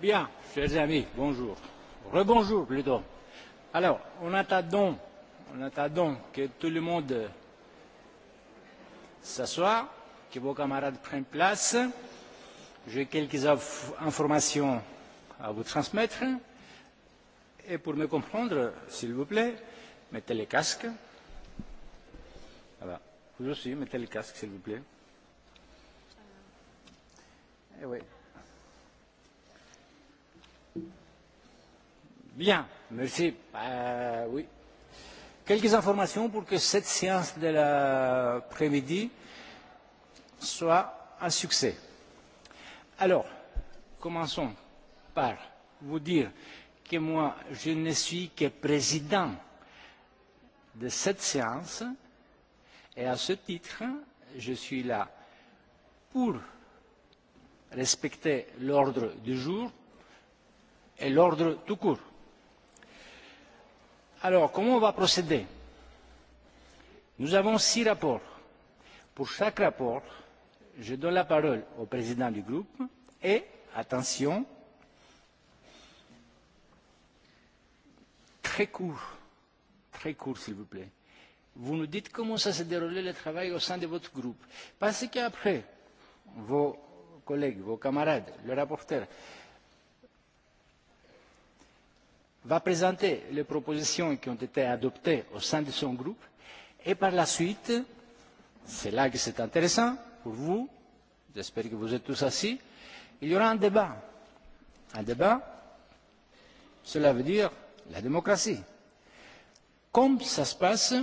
Bien, chers amis, bonjour. Rebonjour plutôt. Alors, on attendons on que tout le monde s'assoie, que vos camarades prennent place. J'ai quelques informations à vous transmettre. Et pour me comprendre, s'il vous plaît, mettez les casques. Vous aussi, mettez les casques, s'il vous plaît. Et oui. Bien, merci. Quelques informations pour que cette séance de l'après-midi soit un succès. Alors, commençons par vous dire que moi, je ne suis que président de cette séance et à ce titre, je suis là pour respecter l'ordre du jour et l'ordre tout court Alors, comment on va procéder Nous avons six rapports. Pour chaque rapport, je donne la parole au président du groupe et, attention, très court, très court s'il vous plaît, vous nous dites comment ça s'est déroulé le travail au sein de votre groupe. Parce qu'après, vos collègues, vos camarades, le rapporteur, va présenter les propositions qui ont été adoptées au sein de son groupe et par la suite, c'est là que c'est intéressant pour vous, j'espère que vous êtes tous assis, il y aura un débat. Un débat, cela veut dire la démocratie. Comme ça se passe,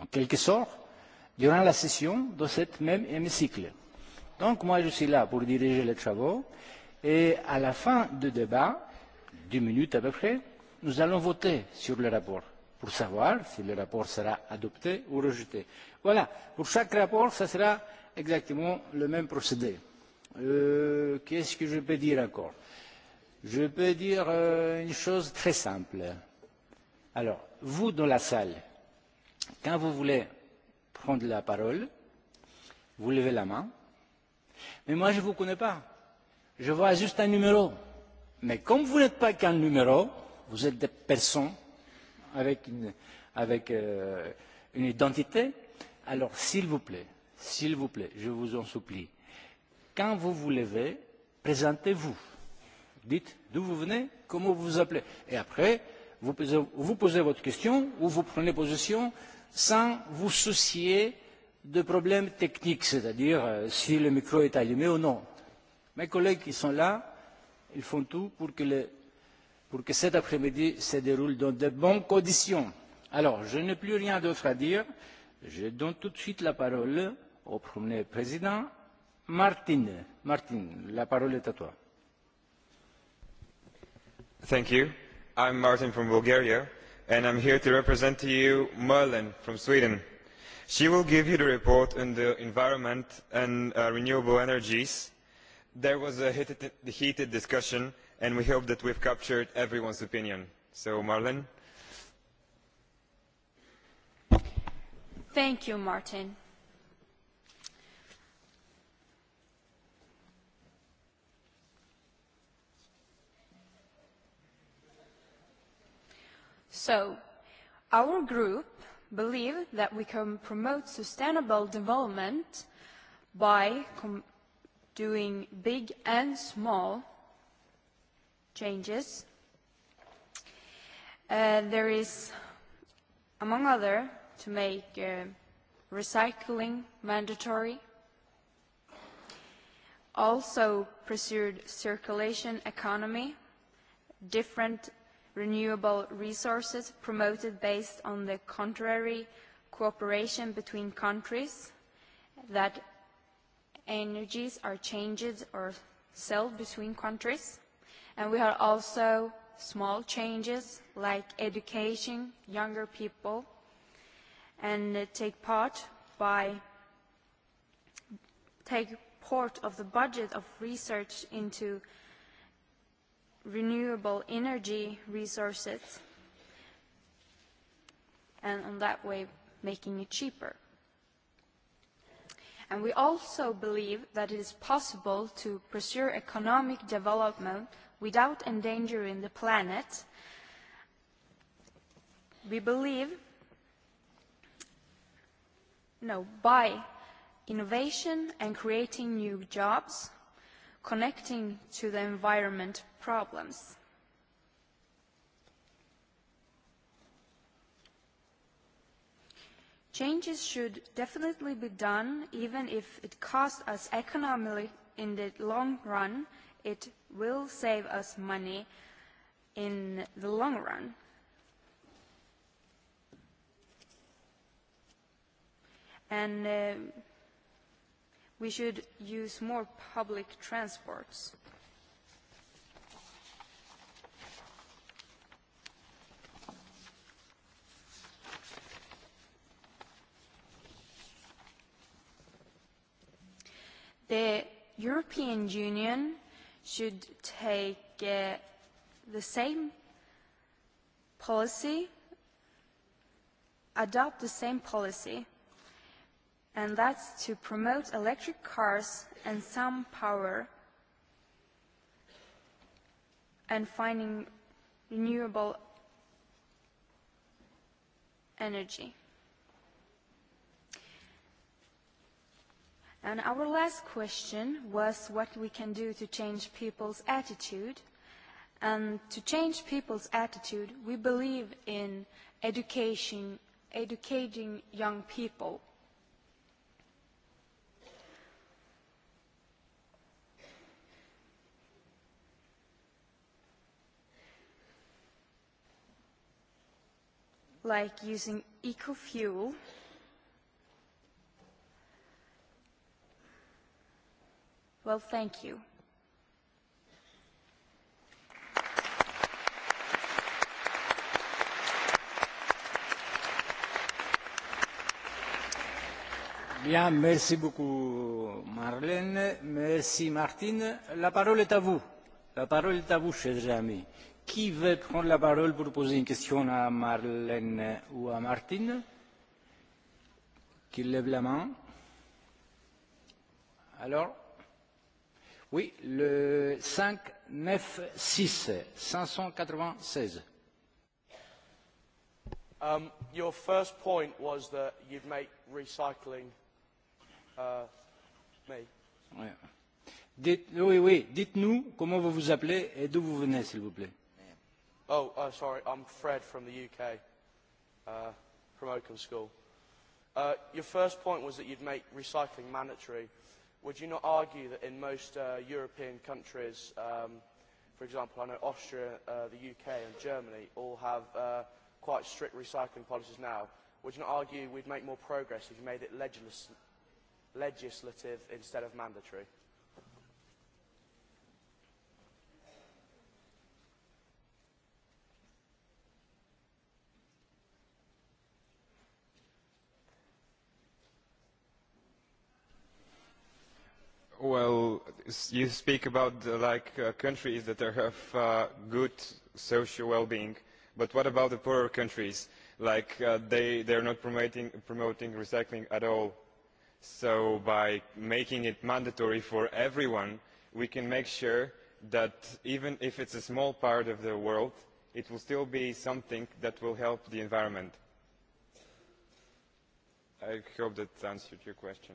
en quelque sorte, durant la session de ce même hémicycle. Donc moi je suis là pour diriger les travaux et à la fin du débat, deux minutes à peu près, nous allons voter sur le rapport pour savoir si le rapport sera adopté ou rejeté. Voilà, pour chaque rapport, ce sera exactement le même procédé. Qu'est-ce que je peux dire encore Je peux dire une chose très simple. Alors, vous dans la salle, quand vous voulez prendre la parole, vous levez la main. Mais moi, je ne vous connais pas. Je vois juste un numéro. Mais comme vous n'êtes pas qu'un numéro, vous êtes des personnes avec une, avec, une identité, alors s'il vous plaît, s'il vous plaît, je vous en supplie, quand vous vous levez, présentez-vous. Dites d'où vous venez, comment vous vous appelez. Et après, vous posez, vous posez votre question ou vous prenez position sans vous soucier de problèmes techniques, c'est-à-dire si le micro est allumé ou non. Mes collègues qui sont là, ils font tout pour que cet après-midi se déroule dans de bonnes conditions. Alors, je n'ai plus rien d'autre à dire. Je donne tout de suite la parole au premier président, Martin. Martin, la parole est à toi. Thank you. I'm Martin from Bulgaria, and I'm here to represent to you Merlin from Sweden. She will give you the report on the environment and renewable energies There was a heated discussion, and we hope that we've captured everyone's opinion. So, Marlene. Thank you, Martin. So, our group believes that we can promote sustainable development by doing big and small changes. There is, among other, to make recycling mandatory, also pursued circulation economy, different renewable resources promoted based on the contrary cooperation between countries that energies are changed or sold between countries. And we have also small changes like education, younger people, and take part by take part of the budget of research into renewable energy resources and on that way making it cheaper and we also believe that it is possible to pursue economic development without endangering the planet. We believe no, by innovation and creating new jobs, connecting to the environment problems. Changes should definitely be done, even if it costs us economically in the long run. It will save us money in the long run. And we should use more public transports. the European Union should take the same policy, adopt the same policy, and that's to promote electric cars and some power and finding renewable energy. And our last question was what we can do to change people's attitude. And to change people's attitude, we believe in education, educating young people. Like using eco-fuel Well, thank you. Bien, merci beaucoup Marlène, merci Martine. La parole est à vous. La parole est à vous, chers amis. Qui veut prendre la parole pour poser une question à Marlène ou à Martine Qui lève la main Alors Oui, le 5, 9, 6, 596. Um, your first point was that you'd make recycling uh, me. Oui. Dites, oui, oui, dites-nous comment vous vous appelez et d'où vous venez, s'il vous plaît. Oh, uh, sorry, I'm Fred from the UK, uh, from Oakham School. Uh, your first point was that you'd make recycling mandatory would you not argue that in most European countries, for example, I know Austria, the UK and Germany all have quite strict recycling policies now, would you not argue we'd make more progress if you made it legislative instead of mandatory? Well, you speak about like countries that have good social well-being, but what about the poorer countries? Like they they are not promoting promoting recycling at all. So by making it mandatory for everyone, we can make sure that even if it's a small part of the world, it will still be something that will help the environment. I hope that answered your question.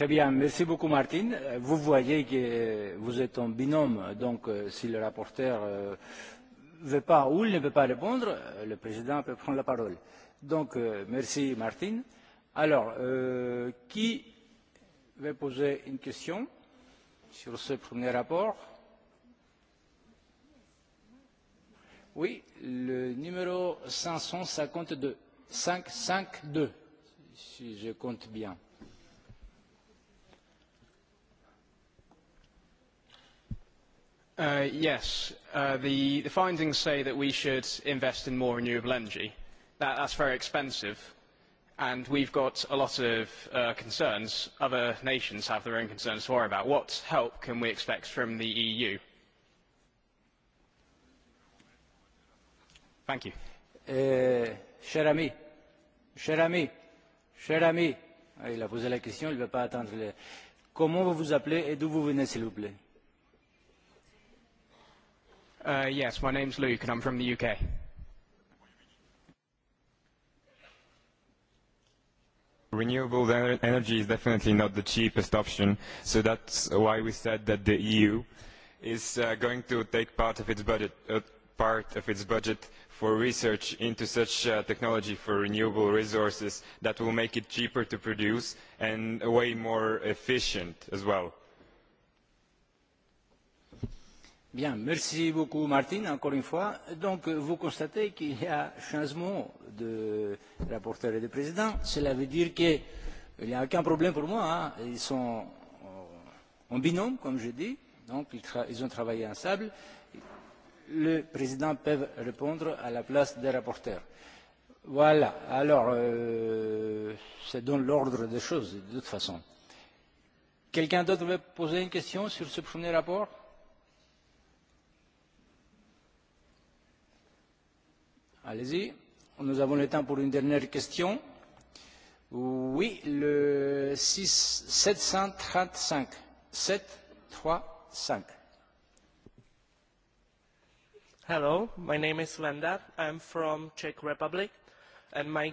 Très bien, merci beaucoup Martine. Vous voyez que vous êtes en binôme, donc si le rapporteur ne veut pas ou ne veut pas répondre, le président peut prendre la parole. Donc merci Martine. Alors, qui veut poser une question sur ce premier rapport Oui, le numéro 552, 552, si je compte bien. Yes. The findings say that we should invest in more renewable energy. That's very expensive, and we've got a lot of concerns. Other nations have their own concerns to worry about. What help can we expect from the EU? Thank you. Cher ami, cher ami, cher ami. Il a posé la question, il ne veut pas attendre. Comment vous vous appelez et d'où vous venez, s'il vous plaît Yes, my name's Luke and I'm from the UK. Renewable energy is definitely not the cheapest option, so that's why we said that the EU is going to take part of its part of its budget for research into such technology for renewable resources that will make it cheaper to produce and way more efficient as well Bien, merci beaucoup Martine, encore une fois. Donc, vous constatez qu'il y a changement de rapporteur et de président. Cela veut dire qu'il n'y a aucun problème pour moi. Ils sont en binôme, comme je dis. Donc, ils ont travaillé ensemble. Le président peut répondre à la place des rapporteurs. Voilà. Alors, c'est dans l'ordre des choses, de toute façon. Quelqu'un d'autre veut poser une question sur ce premier rapport Allez-y. Nous avons le temps pour une dernière question. Oui, le 6, 735. 7, 3, 5. Hello, my name is Lenda. I'm from Czech Republic. And my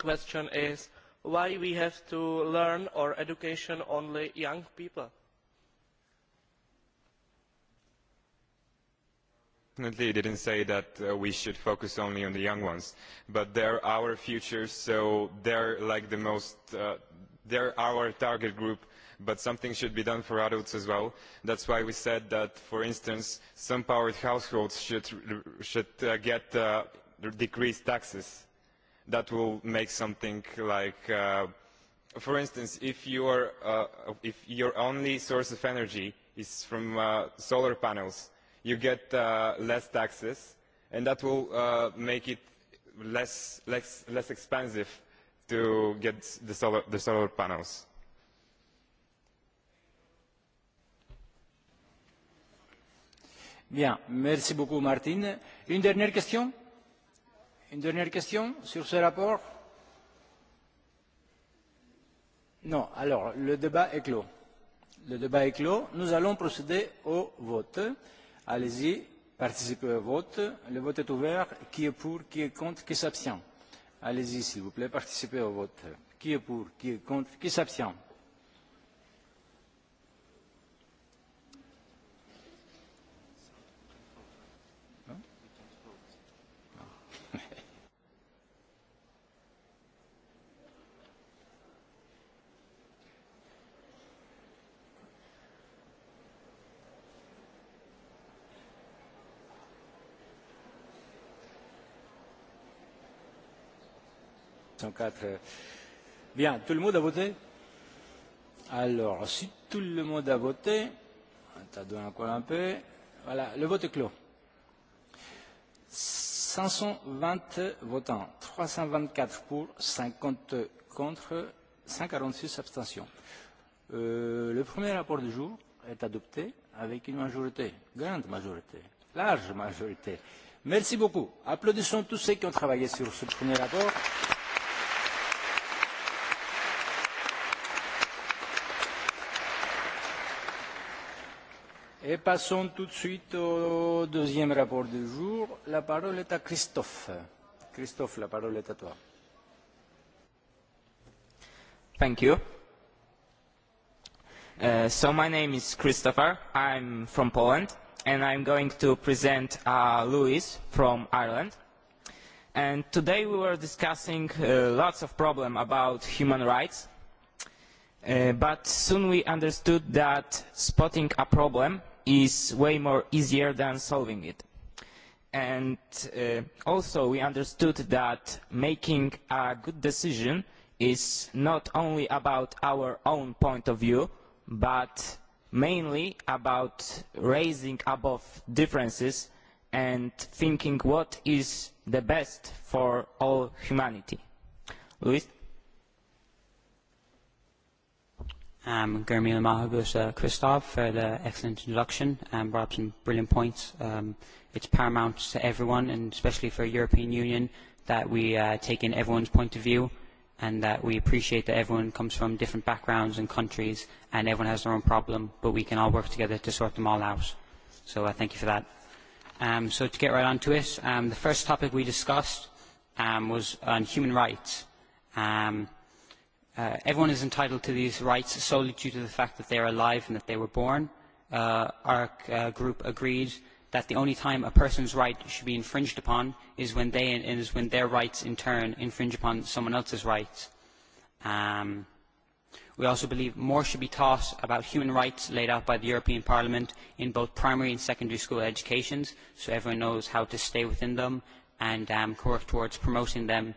question is, why we have to learn or education only young people? definitely didn't say that we should focus only on the young ones, but they are our future, so they're like the most, they're our target group, but something should be done for adults as well. That's why we said that, for instance, some powered households should should get decreased taxes. That will make something like, for instance, if your only source of energy is from solar panels you get less taxes and that will make it less less expensive to get the solar the solar panels. Bien, merci beaucoup Martine. Une dernière question Une dernière question sur ce rapport Non, alors le débat est clos. Le débat est clos. Nous allons procéder au vote. Allez-y, participez au vote. Le vote est ouvert. Qui est pour, qui est contre, qui s'abstient Allez-y, s'il vous plaît, participez au vote. Qui est pour, qui est contre, qui s'abstient quatre Bien, tout le monde a voté Alors, si tout le monde a voté, donné encore un peu. Voilà, le vote est clos. 520 votants, 324 pour, 50 contre, 146 abstentions. le premier rapport du jour est adopté avec une majorité, grande majorité, large majorité. Merci beaucoup. Applaudissons tous ceux qui ont travaillé sur ce premier rapport. Et passons tout de suite au deuxième rapport du jour. La parole est à Christophe. Christophe, la parole est à toi. Thank you. So my name is Christopher. I'm from Poland, and I'm going to present Louis from Ireland. And today we were discussing lots of problems about human rights, but soon we understood that spotting a problem is way more easier than solving it. And also we understood that making a good decision is not only about our own point of view, but mainly about raising above differences and thinking what is the best for all humanity. Luis? um, Germiel Mahagusa Christoph for the excellent introduction and brought up some brilliant points. Um, it's paramount to everyone and especially for the European Union that we uh, take in everyone's point of view and that we appreciate that everyone comes from different backgrounds and countries and everyone has their own problem but we can all work together to sort them all out. So uh, thank you for that. Um, so to get right on to it, um, the first topic we discussed um, was on human rights. Um, everyone is entitled to these rights solely due to the fact that they are alive and that they were born. Our group agreed that the only time a person's right should be infringed upon is when they is when their rights in turn infringe upon someone else's rights. We also believe more should be taught about human rights laid out by the European Parliament in both primary and secondary school educations, so everyone knows how to stay within them and work towards promoting them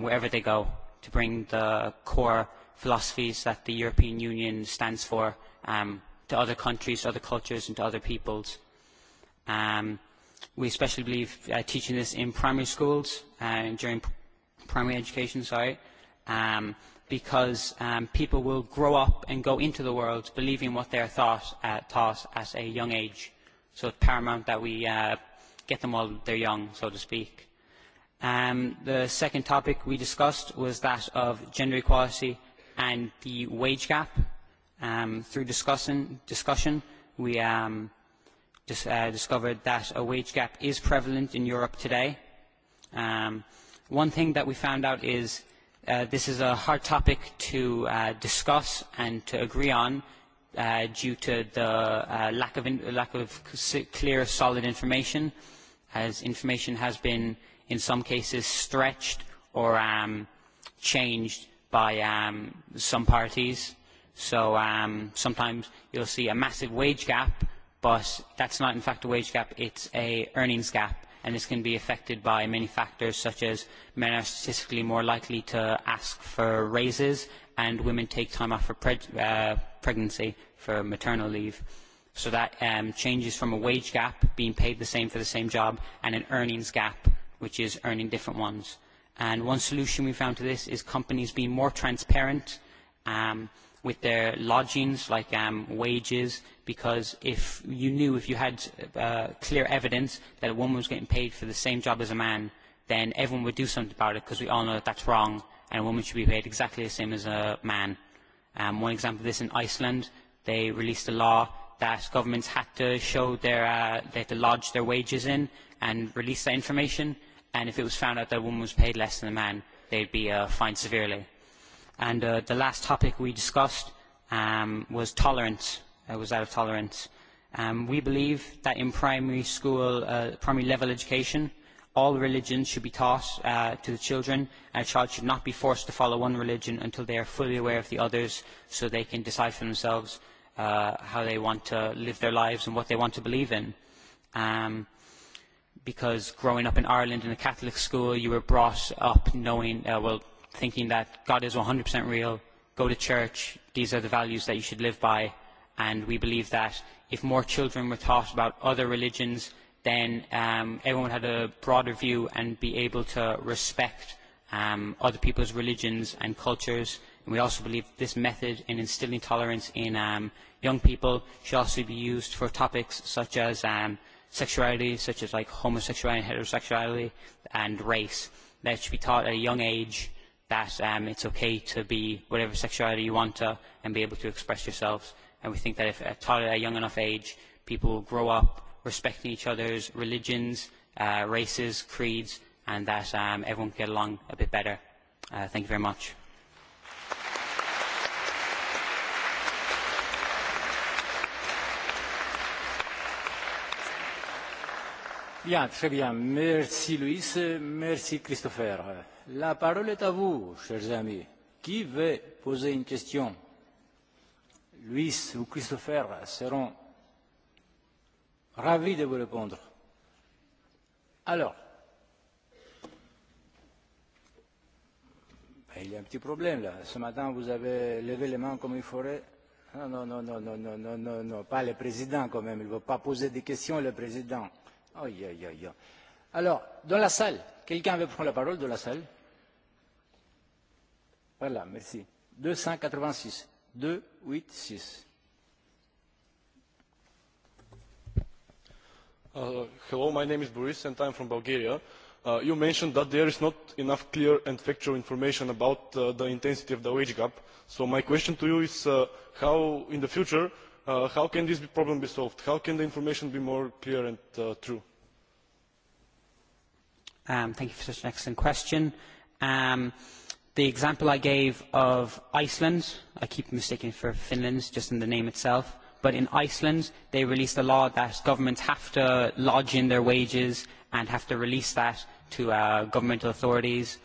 wherever they go to bring the core philosophies that the European Union stands for to other countries, other cultures and to other peoples. We especially believe teaching this in primary schools, and during primary education, sorry, because people will grow up and go into the world believing what they are taught at a young age. So it's paramount that we get them while they're young, so to speak. The second topic we discussed was that of gender equality and the wage gap. Through discussion, we discovered that a wage gap is prevalent in Europe today. One thing that we found out is this is a hard topic to discuss and to agree on due to the lack of clear, solid information, as information has been in some cases stretched or changed by some parties. So sometimes you'll see a massive wage gap, but that's not in fact a wage gap, it's a earnings gap, and this can be affected by many factors such as men are statistically more likely to ask for raises and women take time off for pregnancy for maternal leave. So that changes from a wage gap, being paid the same for the same job, and an earnings gap which is earning different ones. And one solution we found to this is companies being more transparent with their lodgings, like wages, because if you knew, if you had clear evidence that a woman was getting paid for the same job as a man, then everyone would do something about it, because we all know that that's wrong, and a woman should be paid exactly the same as a man. One example of this in Iceland, they released a law that governments had to show their, they had to lodge their wages in and release that information and if it was found out that a woman was paid less than a man, they'd be fined severely. And the last topic we discussed was tolerance, It was out of tolerance. We believe that in primary school, primary level education, all religions should be taught to the children, and a child should not be forced to follow one religion until they are fully aware of the others, so they can decide for themselves how they want to live their lives and what they want to believe in because growing up in Ireland in a Catholic school, you were brought up knowing, well, thinking that God is 100% real, go to church, these are the values that you should live by, and we believe that if more children were taught about other religions, then everyone had a broader view and be able to respect other people's religions and cultures. And we also believe this method in instilling tolerance in young people should also be used for topics such as sexuality, such as like homosexuality, heterosexuality, and race. That should be taught at a young age that um, it's okay to be whatever sexuality you want to and be able to express yourselves. And we think that if taught at a young enough age, people will grow up respecting each other's religions, uh, races, creeds, and that um, everyone can get along a bit better. thank you very much. Bien, très bien. Merci Luis, merci Christopher. La parole est à vous, chers amis. Qui veut poser une question Luis ou Christopher seront ravis de vous répondre. Alors, il y a un petit problème là. Ce matin, vous avez levé les mains comme il faudrait. Non, non, non, non, non, non, non, non, pas le président quand même. Il ne veut pas poser des questions, le président. Aïe, aïe, aïe. Alors, dans la salle, quelqu'un veut prendre la parole de la salle Voilà, merci. 286. 286. hello, my name is Boris and I'm from Bulgaria. you mentioned that there is not enough clear and factual information about the intensity of the wage gap. So my question to you is how, in the future, how can this problem be solved? How can the information be more clear and true? Thank you for such an excellent question. The example I gave of Iceland, I keep mistaking for Finland, just in the name itself, but in Iceland they released a law that governments have to lodge in their wages and have to release that to governmental authorities.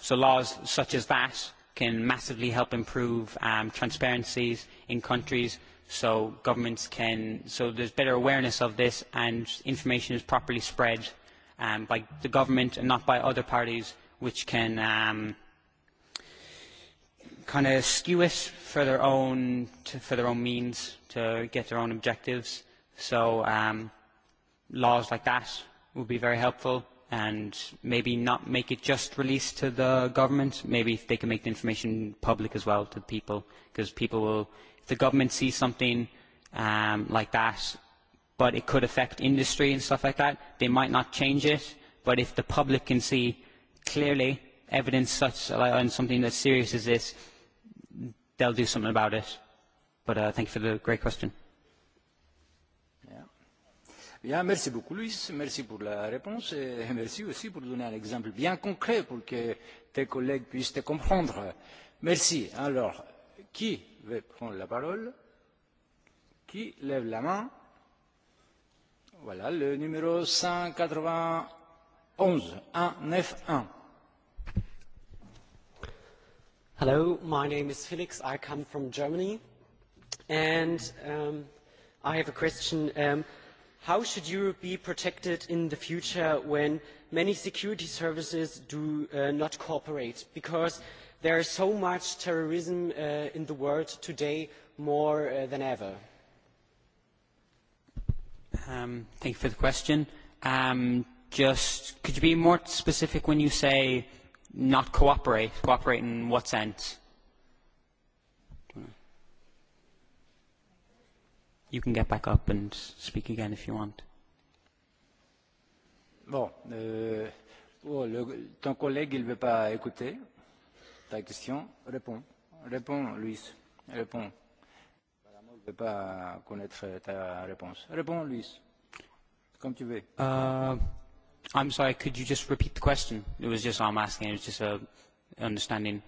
So laws such as that can massively help improve transparencies in countries so governments can, so there's better awareness of this and information is properly spread by the government and not by other parties which can kind of skew it for their own for their own means to get their own objectives. So um laws like that would be very helpful and maybe not make it just released to the government. Maybe if they can make the information public as well to the people because people will, if the government sees something um, like that but it could affect industry and stuff like that. They might not change it, but if the public can see clearly evidence such on something as serious as this, they'll do something about it. But uh, thank you for the great question. Bien, merci beaucoup, Luis. Merci pour la réponse et merci aussi pour donner un exemple bien concret pour que tes collègues puissent te comprendre. Merci. Alors, qui veut prendre la parole Qui lève la main Voilà, le numéro Hello, my name is Felix. I come from Germany. And I have a question. how should Europe be protected in the future when many security services do not cooperate? Because there is so much terrorism in the world today more than ever. Um Thank you for the question. Um Just could you be more specific when you say not cooperate? Cooperate in what sense? You can get back up and speak again if you want. Bon, ton collègue, il veut pas écouter ta question. Réponds. Réponds, Luis. Réponds ne veux pas connaître ta réponse. Réponds, Luis, comme tu veux. Uh, I'm sorry, could you just repeat the question? It was just I'm asking, it was just a understanding.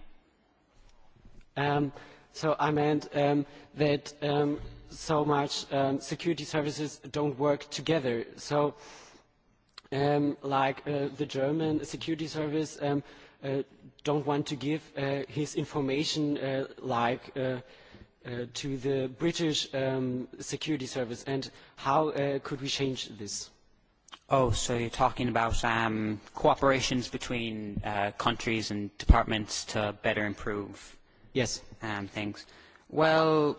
Um, so I meant um, that um, so much um, security services don't work together. So, um, like uh, the German security service um, uh, don't want to give uh, his information uh, like uh, to the British security service and how could we change this? Oh, so you're talking about um, cooperations between countries and departments to better improve yes. um, things. Well,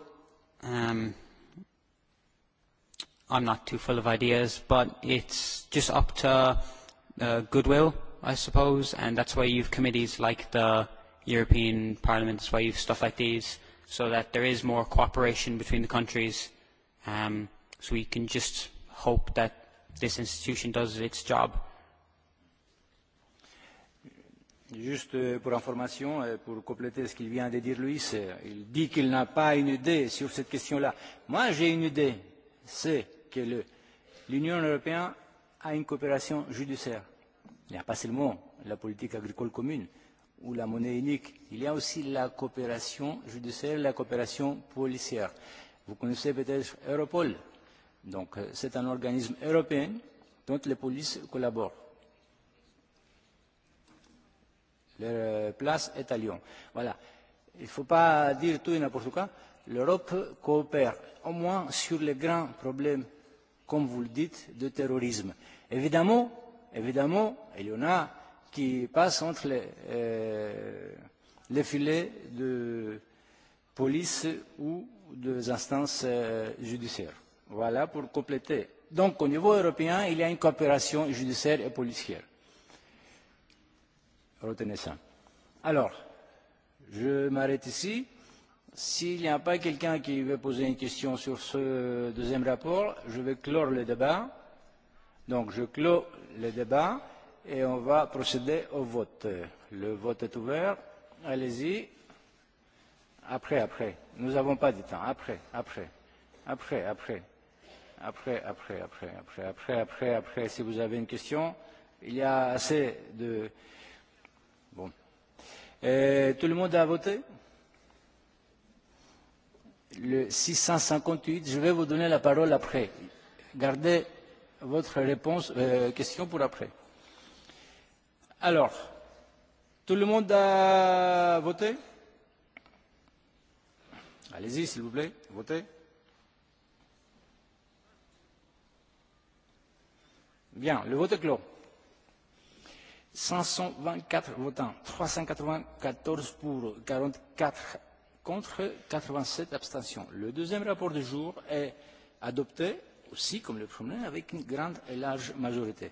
um, I'm not too full of ideas, but it's just up to uh, goodwill, I suppose, and that's why you have committees like the European Parliament, that's why you have stuff like these so that there is more cooperation between the countries. Um, so we can just hope that this institution does its job. Juste pour information, pour compléter ce qu'il vient de dire Luis, il dit qu'il n'a pas une idée sur cette question-là. Moi, j'ai une idée, c'est que l'Union européenne a une coopération judiciaire. Il n'y a pas seulement la politique agricole commune, ou la monnaie unique. Il y a aussi la coopération judiciaire, la coopération policière. Vous connaissez peut-être Europol. Donc, c'est un organisme européen dont les polices collaborent. Leur place est à Lyon. Voilà. Il ne faut pas dire tout et n'importe quoi. L'Europe coopère, au moins sur les grands problèmes, comme vous le dites, de terrorisme. Évidemment, évidemment, il y en a qui passe entre les filets de police ou des instances judiciaires. Voilà pour compléter. Donc au niveau européen, il y a une coopération judiciaire et policière. Retenez ça. Alors, je m'arrête ici. S'il n'y a pas quelqu'un qui veut poser une question sur ce deuxième rapport, je vais clore le débat. Donc je clôt le débat et on va procéder au vote. Le vote est ouvert. Allez-y. Après, après. Nous n'avons pas de temps. Après, après. Après, après. Après, après, après, après, après, après, après. Si vous avez une question, il y a assez de... Bon. tout le monde a voté Le 658, je vais vous donner la parole après. Gardez votre réponse, question pour après. Alors, tout le monde a voté Allez-y, s'il vous plaît, votez. Bien, le vote est clos. 524 votants, 394 pour, 44 contre, 87 abstentions. Le deuxième rapport du jour est adopté, aussi comme le premier, avec une grande et large majorité.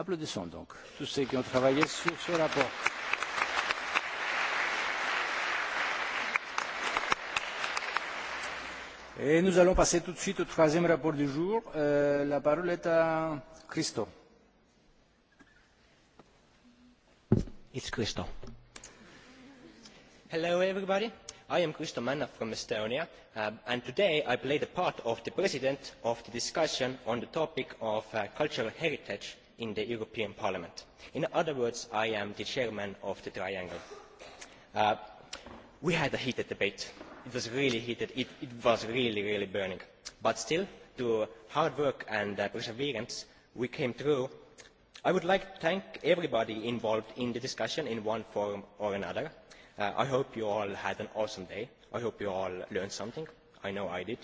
Applaudissons donc tous ceux qui ont travaillé sur ce rapport. Et nous allons passer tout de suite au troisième rapport du jour. La parole est à Christo. It's Christo. Hello everybody. I am Christo Manna from Estonia and today I play the part of the president of the discussion on the topic of cultural heritage in the European Parliament. In other words, I am the chairman of the Triangle. We had a heated debate. It was really heated. It was really, really burning. But still, through hard work and perseverance, we came through. I would like to thank everybody involved in the discussion in one form or another. I hope you all had an awesome day. I hope you all learned something. I know I did.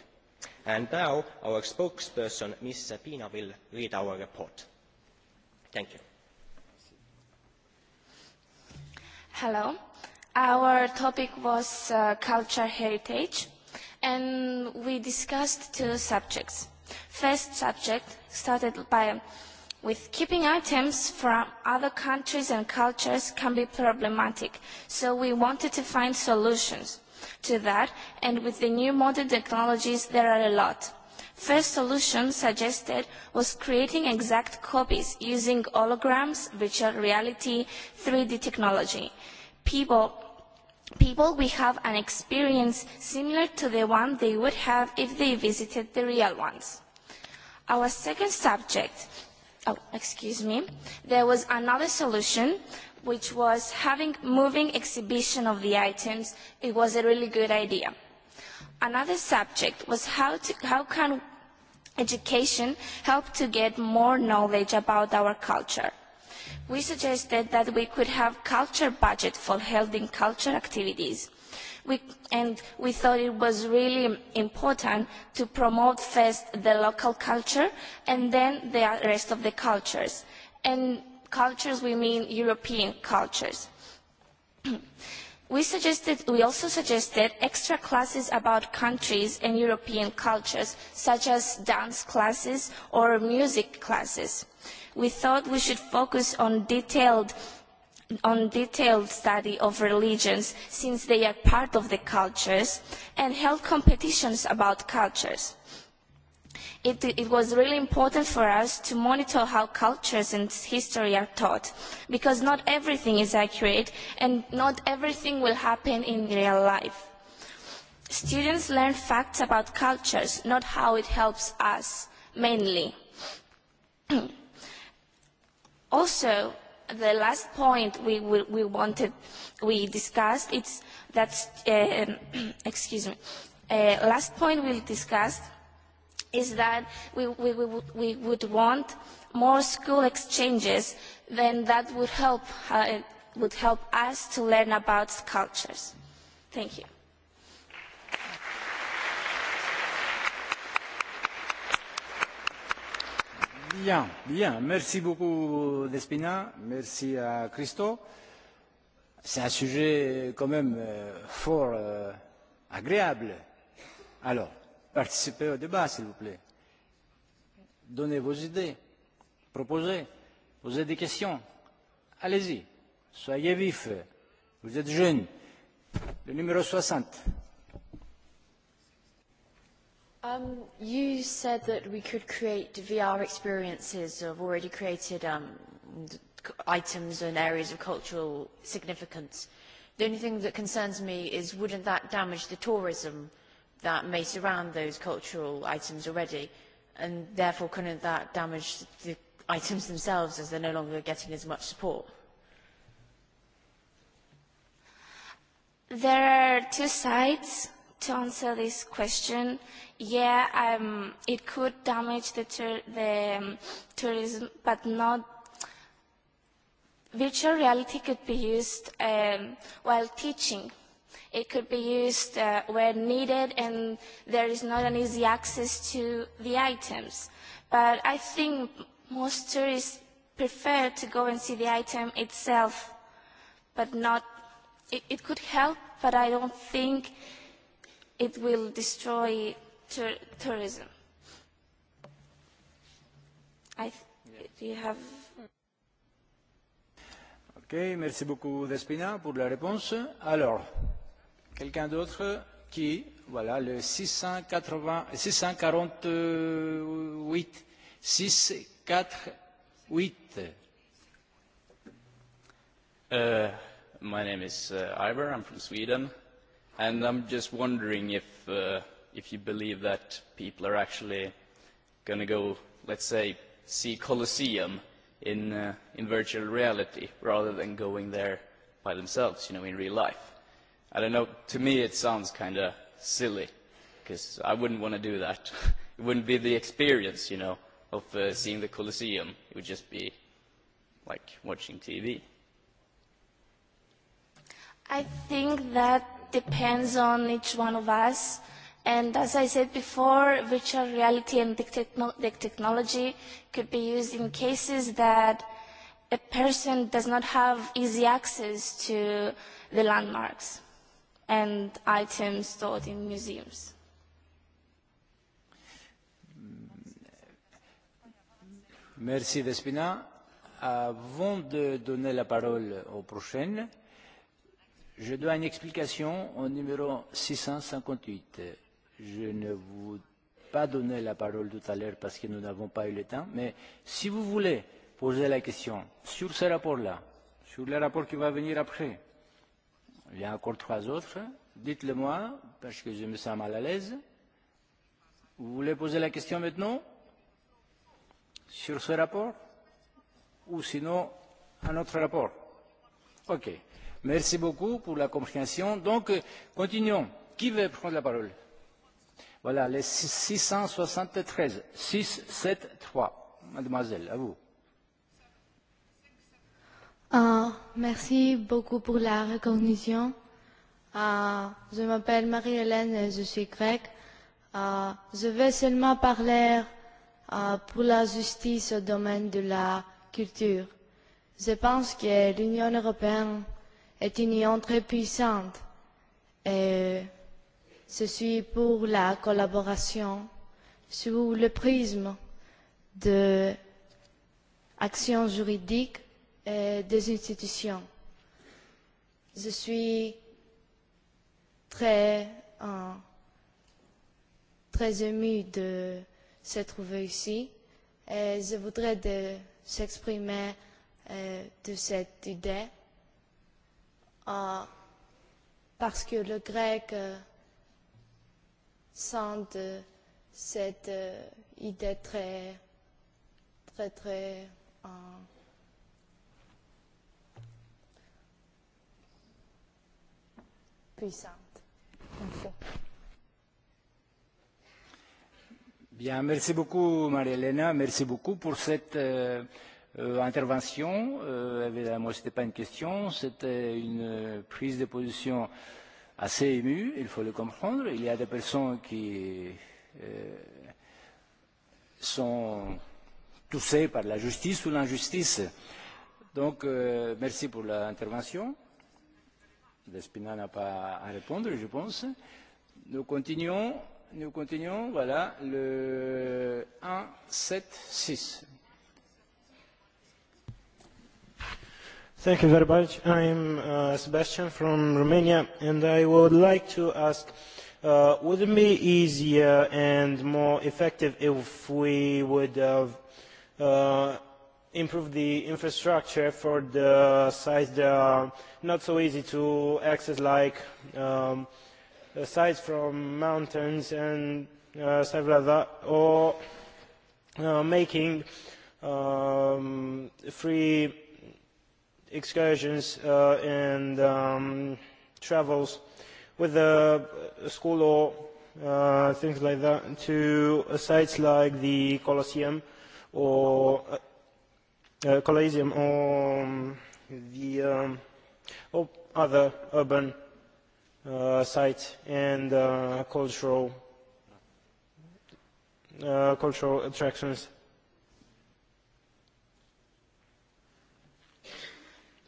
And now our spokesperson, Ms. Sapina, will read our report. Thank you. Hello. Our topic was culture heritage, and we discussed two subjects. First subject started by with keeping items from other countries and cultures can be problematic, so we wanted to find solutions to that, and with the new modern technologies, there are a lot First solution suggested was creating exact copies using holograms, virtual reality, 3D technology. People people will have an experience similar to the one they would have if they visited the real ones. Our second subject, oh, excuse me, there was another solution, which was having moving exhibition of the items. It was a really good idea. Another subject was how can education help to get more knowledge about our culture. We suggested that we could have culture budget for holding culture activities. And we thought it was really important to promote first the local culture and then the rest of the cultures. And cultures we mean European cultures. We also suggested extra classes about countries and European cultures, such as dance classes or music classes. We thought we should focus on detailed study of religions, since they are part of the cultures, and held competitions about cultures. It was really important for us to monitor how cultures and history are taught, because not everything is accurate and not everything will happen in real life. Students learn facts about cultures, not how it helps us, mainly. Also, the last point we we wanted we discussed it's that excuse me last point we discussed is that we we would want more school exchanges then that would help would help us to learn about cultures. Thank you. Bien, bien. Merci beaucoup, Despina. Merci à Christo. C'est un sujet quand même fort agréable. Alors, Participez au débat, s'il vous plaît. Donnez vos idées, proposez, posez des questions. Allez-y, soyez vifs. Vous êtes jeunes. Le numéro 60. Um, you said that we could create VR experiences of already created um, items and areas of cultural significance. The only thing that concerns me is wouldn't that damage the tourism? that may surround those cultural items already and therefore couldn't that damage the items themselves as they're no longer getting as much support? There are two sides to answer this question. Yeah, um, it could damage the, the tourism, but not. Virtual reality could be used while teaching It could be used where needed and there is not an easy access to the items. But I think most tourists prefer to go and see the item itself, but not. It could help, but I don't think it will destroy tourism. I do you have. merci beaucoup Despina pour la réponse. Alors. Quelqu'un d'autre qui voilà le 680 648 648 my name is Ivar I'm from Sweden and I'm just wondering if uh, if you believe that people are actually going to go let's say see Colosseum in in virtual reality rather than going there by themselves you know in real life I don't know, to me it sounds kind of silly, because I wouldn't want to do that. It wouldn't be the experience, you know, of seeing the Colosseum. It would just be like watching TV. I think that depends on each one of us. And as I said before, virtual reality and the technology could be used in cases that a person does not have easy access to the landmarks and items stored in museums. Merci Despina. Avant de donner la parole aux prochaines, je dois une explication au numéro 658. Je ne vous pas donné la parole tout à l'heure parce que nous n'avons pas eu le temps, mais si vous voulez poser la question sur ce rapport-là, sur le rapport qui va venir après, Il y a encore trois autres. Dites-le moi, parce que je me sens mal à l'aise. Vous voulez poser la question maintenant Sur ce rapport Ou sinon, un autre rapport Ok. Merci beaucoup pour la compréhension. Donc, continuons. Qui veut prendre la parole Voilà, les 673. 673. Mademoiselle, à vous. Merci beaucoup pour la recognition. Je m'appelle Marie-Hélène et je suis grecque. Je vais seulement parler pour la justice au domaine de la culture. Je pense que l'Union européenne est une union très puissante et je suis pour la collaboration sous le prisme de actions juridiques des institutions. Je suis très, très émue de se trouver ici et je voudrais de s'exprimer de cette idée parce que le grec sent cette idée très, très, très puissante. Merci. Bien, merci beaucoup Marie-Hélène, merci beaucoup pour cette intervention. Évidemment, ce n'était pas une question, c'était une prise de position assez émue, il faut le comprendre. Il y a des personnes qui sont touchées par la justice ou l'injustice. Donc, merci pour l'intervention. Despina n'a pas à répondre, je pense. Nous continuons. Nous continuons. Voilà, le 1, 7, 6. Thank you very much. I'm uh, Sebastian from Romania, and I would like to ask, uh, would it be easier and more effective if we would have uh, improve the infrastructure for the sites that are not so easy to access, like sites from mountains and stuff like that, or making free excursions and travels with the school or things like that to sites like the Colosseum or Coliseum or the other urban sites and cultural cultural attractions.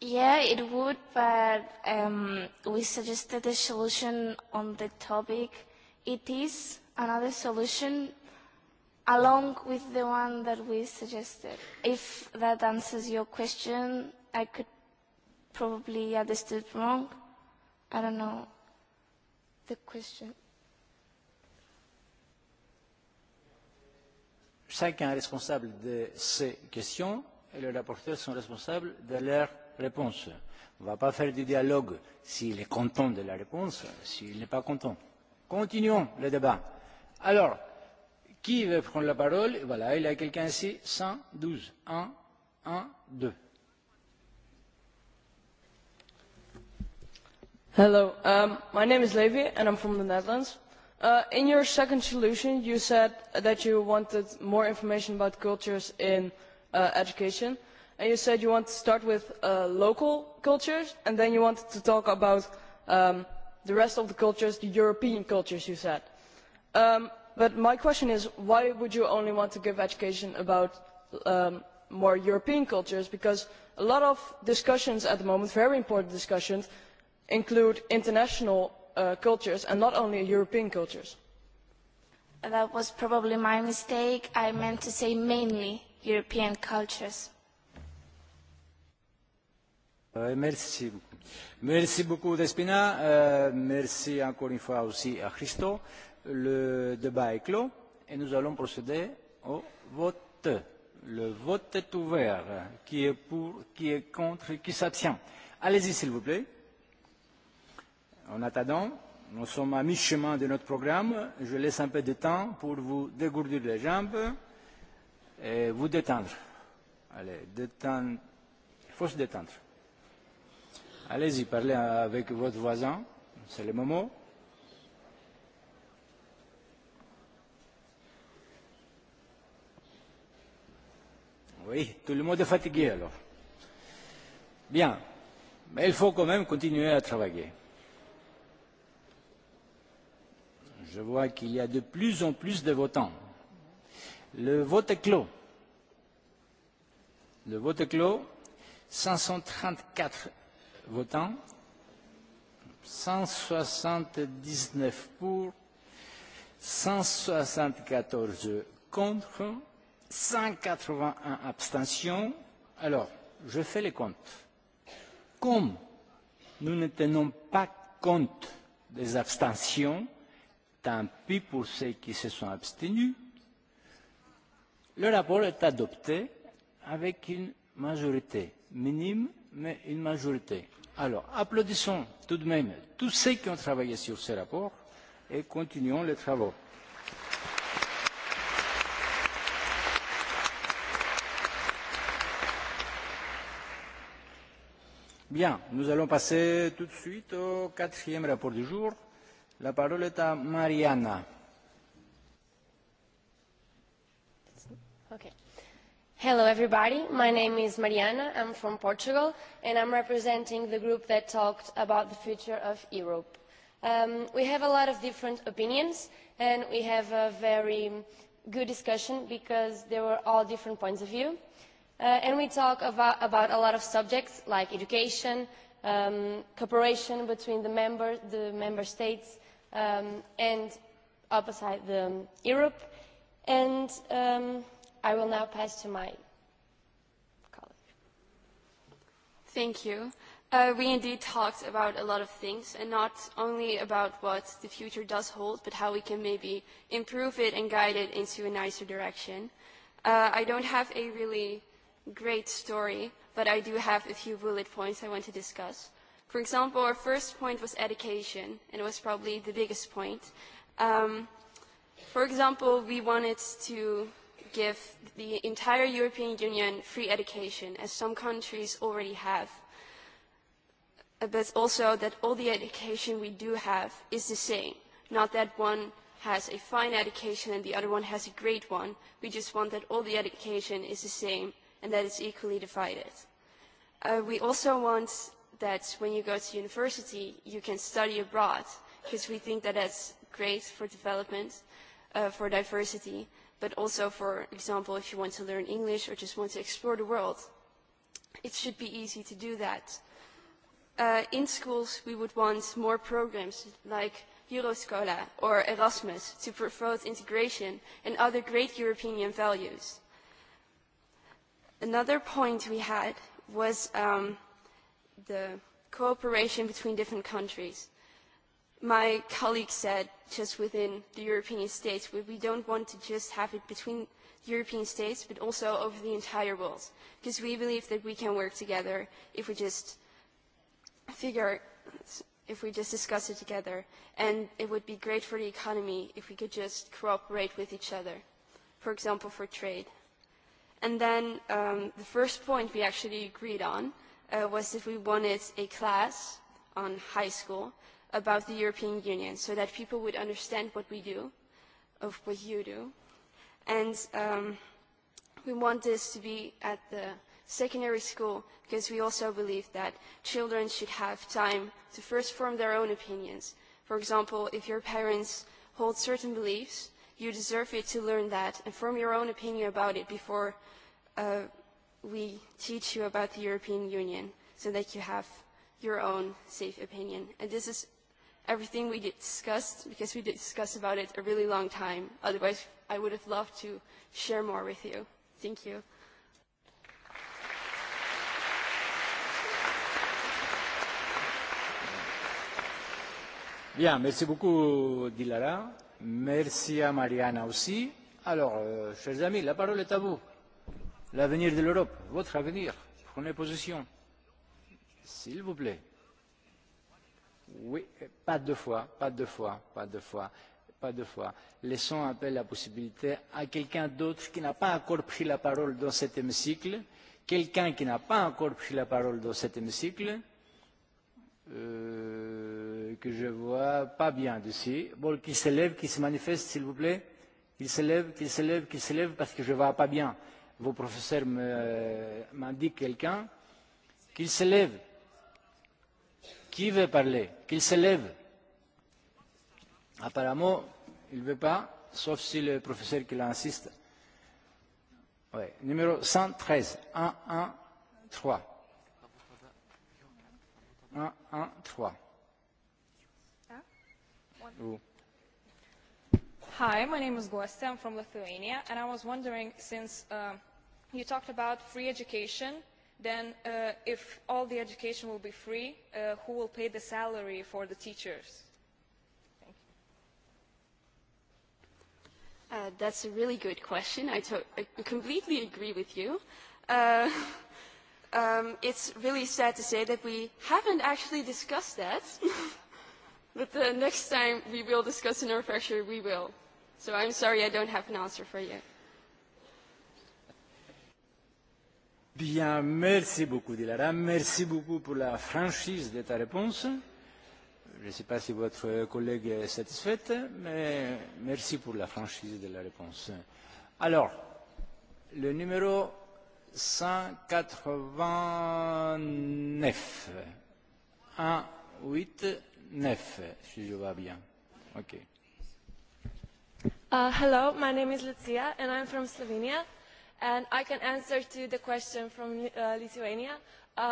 Yeah, it would, but um, we suggested a solution on the topic. It is another solution along with the one that we suggested. If that answers your question, I could probably understood wrong. I don't know the question. Chacun est responsable de ses questions et les rapporteurs sont responsables de leurs réponses. On ne va pas faire du dialogue s'il est content de la réponse, s'il n'est pas content. Continuons le débat. Alors, Hello, um, my name is Levi and I'm from the Netherlands. in your second solution, you said that you wanted more information about cultures in education. And you said you want to start with uh, local cultures and then you wanted to talk about um, the rest of the cultures, the European cultures, you said. Um, But my question is, why would you only want to give education about more European cultures? Because a lot of discussions at the moment, very important discussions, include international cultures and not only European cultures. That was probably my mistake. I meant to say mainly European cultures. Merci. Le débat est clos et nous allons procéder au vote. Le vote est ouvert. Qui est pour, qui est contre, qui s'abstient Allez-y, s'il vous plaît. En attendant, nous sommes à mi-chemin de notre programme. Je laisse un peu de temps pour vous dégourdir les jambes et vous détendre. Allez, détendre. Il faut se détendre. Allez-y, parlez avec votre voisin. C'est le moment. Oui, tout le monde est fatigué alors. Bien, mais il faut quand même continuer à travailler. Je vois qu'il y a de plus en plus de votants. Le vote est clos. Le vote est clos. 534 votants, 179 pour, 174 contre 181 abstentions. Alors, je fais les comptes. Comme nous ne tenons pas compte des abstentions, tant pis pour ceux qui se sont abstenus, le rapport est adopté avec une majorité minime, mais une majorité. Alors, applaudissons tout de même tous ceux qui ont travaillé sur ce rapport et continuons les travaux. Bien, nous allons passer tout de suite au quatrième rapport du jour. La parole est à Mariana. Hello everybody, my name is Mariana, I'm from Portugal and I'm representing the group that talked about the future of Europe. Um, we have a lot of different opinions and we have a very good discussion because there were all different points of view and we talk about a lot of subjects like education, cooperation between the member states and opposite Europe. And I will now pass to my colleague. Thank you. We indeed talked about a lot of things, and not only about what the future does hold, but how we can maybe improve it and guide it into a nicer direction. I don't have a really great story, but I do have a few bullet points I want to discuss. For example, our first point was education, and it was probably the biggest point. For example, we wanted to give the entire European Union free education, as some countries already have, but also that all the education we do have is the same, not that one has a fine education and the other one has a great one. We just want that all the education is the same and that it's equally divided. We also want that when you go to university, you can study abroad, because we think that that's great for development, for diversity, but also, for example, if you want to learn English or just want to explore the world. It should be easy to do that. In schools, we would want more programs like Euroscola or Erasmus to promote integration and other great European values. Another point we had was the cooperation between different countries. My colleague said just within the European states, we don't want to just have it between European states, but also over the entire world, because we believe that we can work together if we just figure, if we just discuss it together, and it would be great for the economy if we could just cooperate with each other, for example, for trade. And then the first point we actually agreed on was if we wanted a class on high school about the European Union so that people would understand what we do, of what you do. And we want this to be at the secondary school because we also believe that children should have time to first form their own opinions. For example, if your parents hold certain beliefs, you deserve it to learn that and form your own opinion about it before we teach you about the European Union so that you have your own safe opinion. And this is everything we discussed because we discussed about it a really long time. Otherwise, I would have loved to share more with you. Thank you. Bien, merci beaucoup, Dilara. Merci à Mariana aussi. Alors, chers amis, la parole est à vous. L'avenir de l'Europe, votre avenir. Prenez position. S'il vous plaît. Oui, pas deux fois, pas deux fois, pas deux fois, pas deux fois. Laissons appel la possibilité à quelqu'un d'autre qui n'a pas encore pris la parole dans cet hémicycle, quelqu'un qui n'a pas encore pris la parole dans cet hémicycle, euh, que je vois pas bien d'ici. Bon, qu'il se lève, qu'il se manifeste, s'il vous plaît. Qu'il se lève, qu'il se lève, qu'il se lève, parce que je ne vois pas bien. Vos professeurs m'indiquent quelqu'un. Qu'il se lève. Qui veut parler Qu'il se lève. Apparemment, il ne veut pas, sauf si le professeur qui l'insiste. Ouais. Numéro 113. 1, 1, 3. 1, 1, 3. Hi, my name is Gwesta. I'm from Lithuania, and I was wondering, since you talked about free education, then if all the education will be free, who will pay the salary for the teachers? That's a really good question. I completely agree with you. It's really sad to say that we haven't actually discussed that. But the next time we will discuss in our pressure, we will. So I'm sorry I don't have an answer for you. Bien, merci beaucoup Dilara, merci beaucoup pour la franchise de ta réponse. Je ne sais pas si votre collègue est satisfaite, mais merci pour la franchise de la réponse. Alors, le numéro 189, 1, 8, hello, my name is Lucia and I'm from Slovenia and I can answer to the question from Lithuania.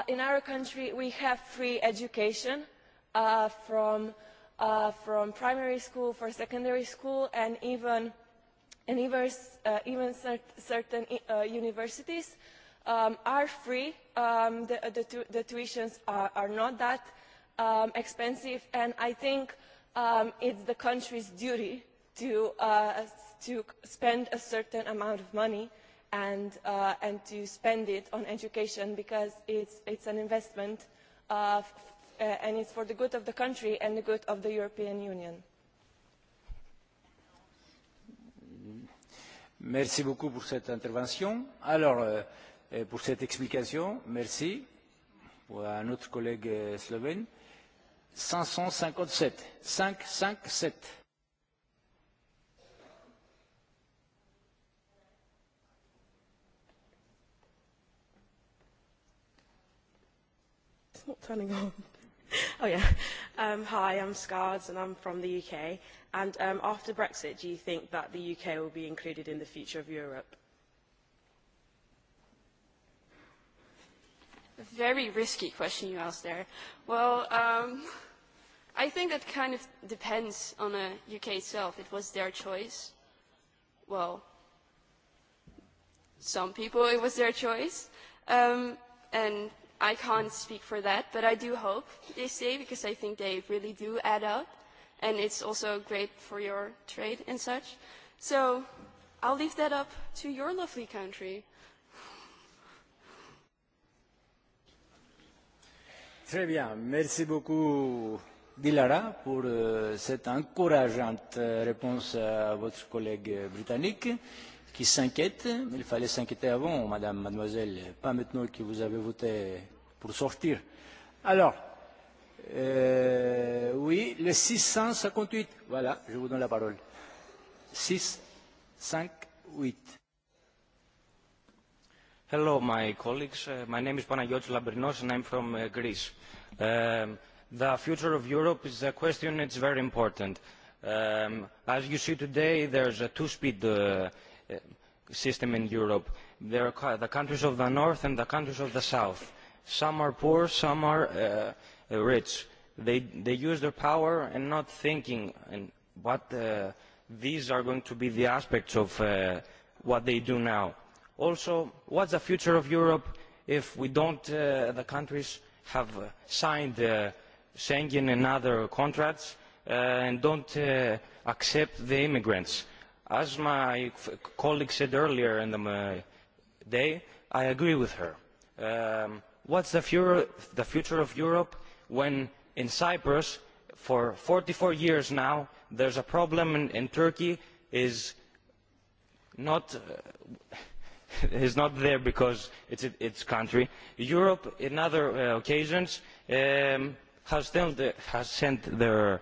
in our country we have free education from, primary school for secondary school and even, even, certain universities are free. the, tuitions are not that expensive and I think it's the country's duty to spend a certain amount of money and to spend it on education because it's an investment and it's for the good of the country and the good of the European Union. Merci beaucoup pour cette intervention. Alors, pour cette explication, merci. À notre collègue slovène. 557. 557. It's not turning on. Oh yeah. Um, Hi, I'm Scards and I'm from the UK. And um, after Brexit, do you think that the UK will be included in the future of Europe? A very risky question you asked there. Well. um I think that kind of depends on the UK itself. It was their choice. Well, some people it was their choice. Um, and I can't speak for that, but I do hope they stay because I think they really do add up. And it's also great for your trade and such. So I'll leave that up to your lovely country. Merci beaucoup Dilara pour cette encourageante réponse à votre collègue britannique qui s'inquiète. Il fallait s'inquiéter avant, madame, mademoiselle, pas maintenant que vous avez voté pour sortir. Alors, oui, le 658. Voilà, je vous donne la parole. 658. Hello, my colleagues. my name is Panagiotis Labrinos and I'm from Greece the future of europe is a question that is very important. as you see today there is a two speed system in europe. there are the countries of the north and the countries of the south. some are poor some are rich. they use their power and not thinking what these are going to be the aspects of what they do now. also what is the future of europe if we don't the countries have signed Schengen and other contracts and don't accept the immigrants. As my colleague said earlier in the day, I agree with her. What's the future of Europe when in Cyprus for forty four years now there's a problem in Turkey is not there because it's its country. Europe in other occasions has sent their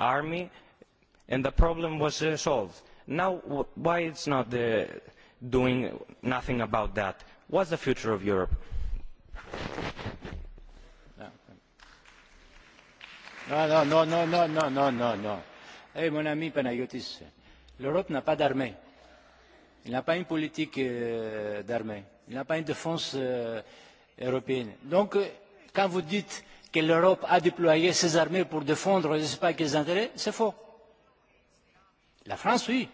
army and the problem was solved. Now why it's not doing nothing about that? What is the future of Europe? Non, non, non, non, non, non, non, mon ami Panayotis, l'Europe n'a pas d'armée. Il n'a pas une politique d'armée. Il n'a pas une défense européenne. Donc, quand vous dites que l'Europe a déployé ses armées pour défendre les ne pas intérêts, c'est faux. La France, oui.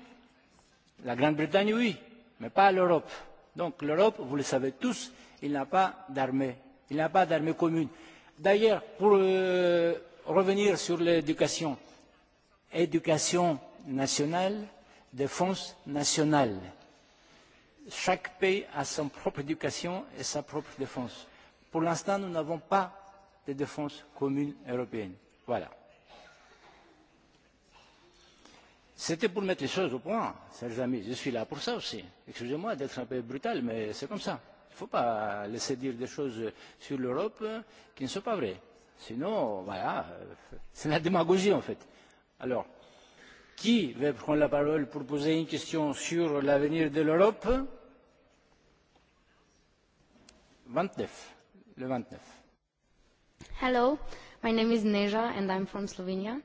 La Grande-Bretagne, oui. Mais pas l'Europe. Donc l'Europe, vous le savez tous, il n'a pas d'armée. Il n'a pas d'armée commune. D'ailleurs, pour revenir sur l'éducation, éducation nationale, défense nationale. Chaque pays a sa propre éducation et sa propre défense. Pour l'instant, nous n'avons pas de défense commune européenne. Voilà. C'était pour mettre les choses au point, chers amis. Je suis là pour ça aussi. Excusez-moi d'être un peu brutal, mais c'est comme ça. Il ne faut pas laisser dire des choses sur l'Europe qui ne sont pas vraies. Sinon, voilà, c'est la démagogie en fait. Alors, qui veut prendre la parole pour poser une question sur l'avenir de l'Europe 29. Le 29. Hello, my name is Neja and I'm from Slovenia.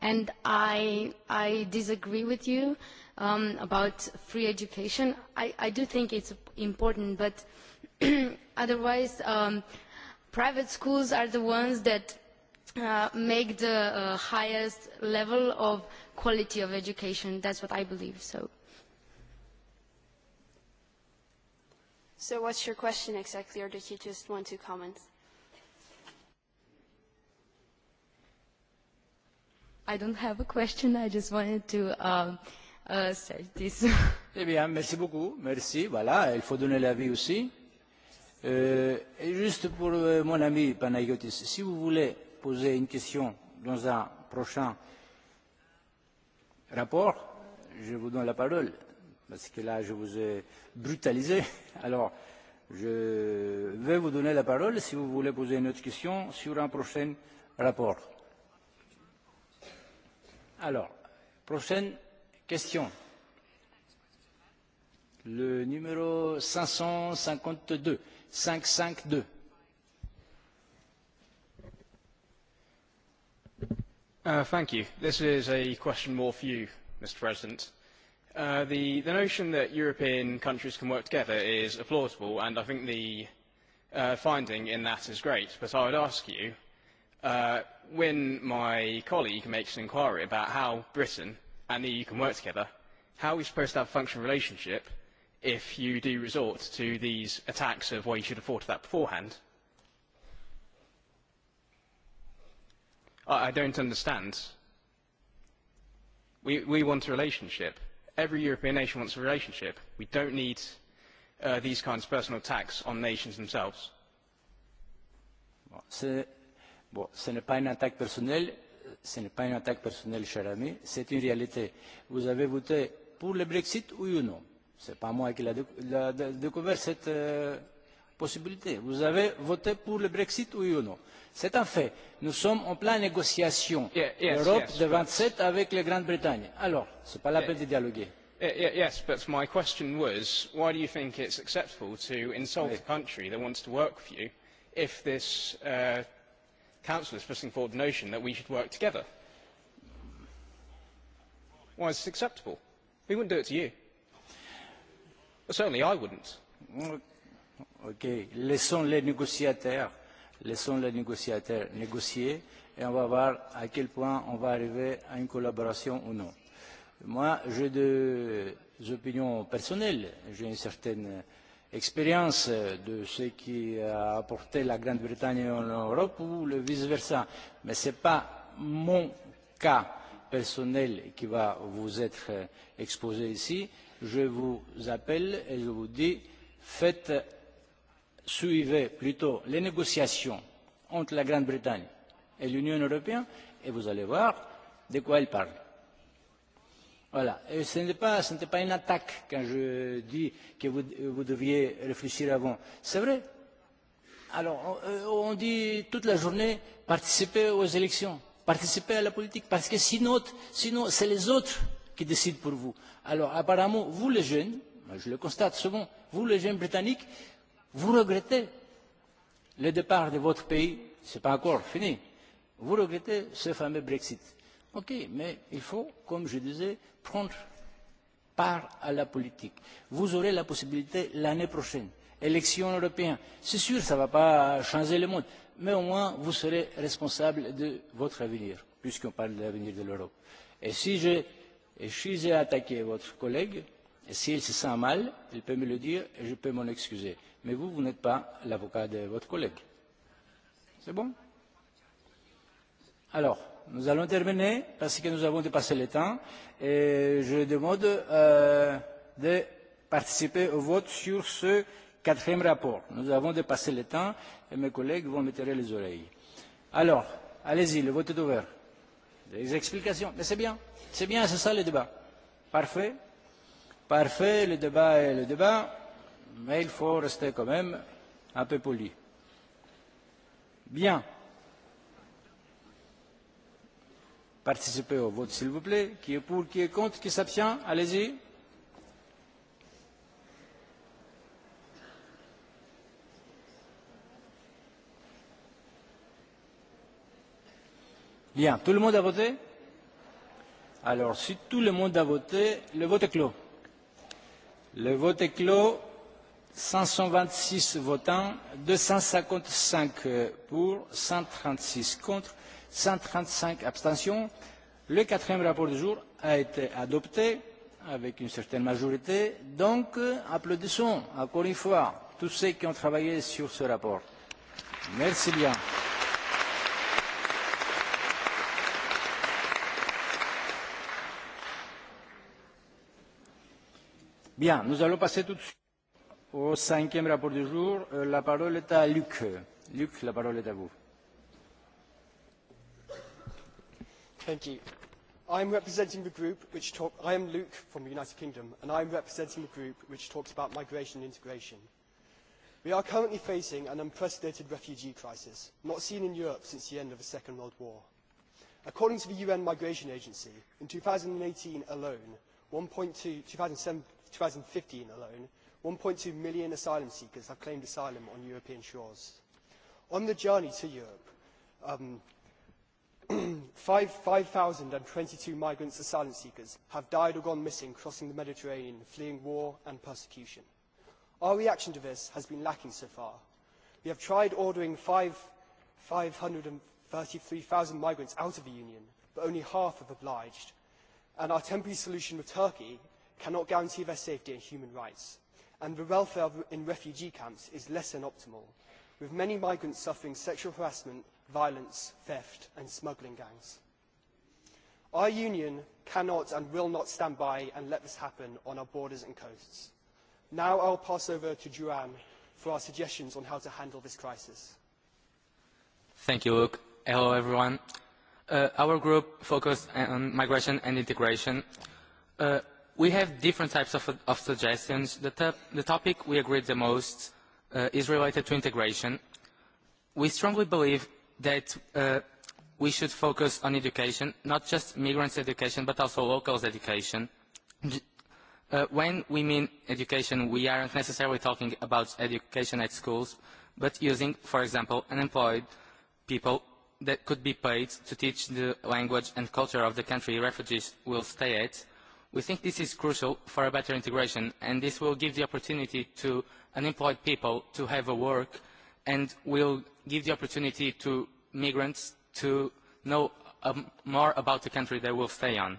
And I, I disagree with you about free education. I, I do think it's important, but otherwise private schools are the ones that uh, make the uh, highest level of quality of education. That's what I believe. So. So what's your question exactly, or did you just want to comment? I don't have a question. I just wanted to say this. eh bien, merci beaucoup. Merci. Voilà, il faut donner l'avis aussi. et juste pour mon ami Panayotis, si vous voulez poser une question dans un prochain rapport, je vous donne la parole. Parce que là, je vous ai brutalisé. Alors, je vais vous donner la parole si vous voulez poser une autre question sur un prochain rapport. Alors, prochaine question. Le numéro 552. 552. Thank you. This is a question more for you, Mr. President. The the notion that European countries can work together is applaudable, and I think the finding in that is great. But I would ask you when my colleague makes an inquiry about how Britain and the EU can work together, how are we supposed to have a functional relationship if you do resort to these attacks of, well, you should have thought of that beforehand? I don't understand. We, we want a relationship. Every European nation wants a relationship. We don't need these kinds of personal attacks on nations themselves. Bon, ce n'est pas une attaque personnelle, ce n'est pas une attaque personnelle, cher ami, c'est une réalité. Vous avez voté pour le Brexit, oui ou non Ce n'est pas moi qui l'ai découvert, cette possibilité. Vous avez voté pour le Brexit, oui ou non C'est un fait. Nous sommes en pleine négociation. L'Europe de 27 avec la Grande-Bretagne. Alors, ce n'est pas la peine de dialoguer. Yes, but my question was, why do you think it's acceptable to insult a country that wants to work for you if this council is pressing forward the notion that we should work together. Why is this acceptable? We wouldn't do it to you. Certainly I wouldn't. Okay. Laissons les négociateurs, laissons les négociateurs négocier et on va voir à quel point on va arriver à une collaboration ou non. Moi, j'ai deux opinions personnelles, j'ai une certaine expérience de ce qui a apporté la Grande-Bretagne en Europe ou le vice-versa. Mais ce n'est pas mon cas personnel qui va vous être exposé ici. Je vous appelle et je vous dis, faites, suivez plutôt les négociations entre la Grande-Bretagne et l'Union européenne et vous allez voir de quoi elle parle. Voilà. ce n'était pas, une attaque quand je dis que vous, deviez réfléchir avant. C'est vrai. Alors, on, dit toute la journée, participez aux élections, participez à la politique, parce que sinon, sinon c'est les autres qui décident pour vous. Alors, apparemment, vous les jeunes, je le constate souvent, vous les jeunes britanniques, vous regrettez le départ de votre pays, ce n'est pas encore fini, vous regrettez ce fameux Brexit. Ok, mais il faut, comme je disais, prendre part à la politique. Vous aurez la possibilité l'année prochaine, élection européenne. C'est sûr, ça ne va pas changer le monde, mais au moins vous serez responsable de votre avenir, puisqu'on parle de l'avenir de l'Europe. Et si j'ai attaqué votre collègue, et s'il se sent mal, il peut me le dire et je peux m'en excuser. Mais vous, vous n'êtes pas l'avocat de votre collègue. C'est bon? Alors, nous allons terminer parce que nous avons dépassé le temps et je demande de participer au vote sur ce quatrième rapport. Nous avons dépassé le temps et mes collègues vont me tirer les oreilles. Alors, allez-y, le vote est ouvert. Des explications, mais c'est bien, c'est bien, c'est ça le débat. Parfait, parfait, le débat est le débat, mais il faut rester quand même un peu poli. Bien. participer au vote, s'il vous plaît. Qui est pour, qui est contre, qui s'abstient Allez-y. Bien, tout le monde a voté Alors, si tout le monde a voté, le vote est clos. Le vote est clos. 526 votants, 255 pour, 136 contre 135 abstentions. Le quatrième rapport du jour a été adopté avec une certaine majorité. Donc, applaudissons encore une fois tous ceux qui ont travaillé sur ce rapport. Merci bien. Bien, nous allons passer tout de suite au cinquième rapport du jour. La parole est à Luc. Luc, la parole est à vous. I am representing the group which I am Luke from the United Kingdom and I am representing the group which talks about migration and integration. We are currently facing an unprecedented refugee crisis not seen in Europe since the end of the Second World War. According to the UN Migration Agency, in 2018 alone, 2015 alone, 1.2 million asylum seekers have claimed asylum on European shores. On the journey to Europe, five migrants and asylum seekers have died or gone missing crossing the Mediterranean, fleeing war and persecution. Our reaction to this has been lacking so far. We have tried ordering five hundred and thirty three thousand migrants out of the Union, but only half have obliged, and our temporary solution with Turkey cannot guarantee their safety and human rights, and the welfare in refugee camps is less than optimal, with many migrants suffering sexual harassment violence, theft and smuggling gangs. Our Union cannot and will not stand by and let this happen on our borders and coasts. Now I will pass over to Juan for our suggestions on how to handle this crisis. Thank you, Luke. Hello, everyone. Our group focused on migration and integration. We have different types of suggestions. The topic we agreed the most is related to integration. We strongly believe that we should focus on education, not just migrants' education, but also locals' education. When we mean education, we aren't necessarily talking about education at schools, but using, for example, unemployed people that could be paid to teach the language and culture of the country refugees will stay at. We think this is crucial for a better integration, and this will give the opportunity to unemployed people to have a work and will give the opportunity to migrants to know more about the country they will stay on.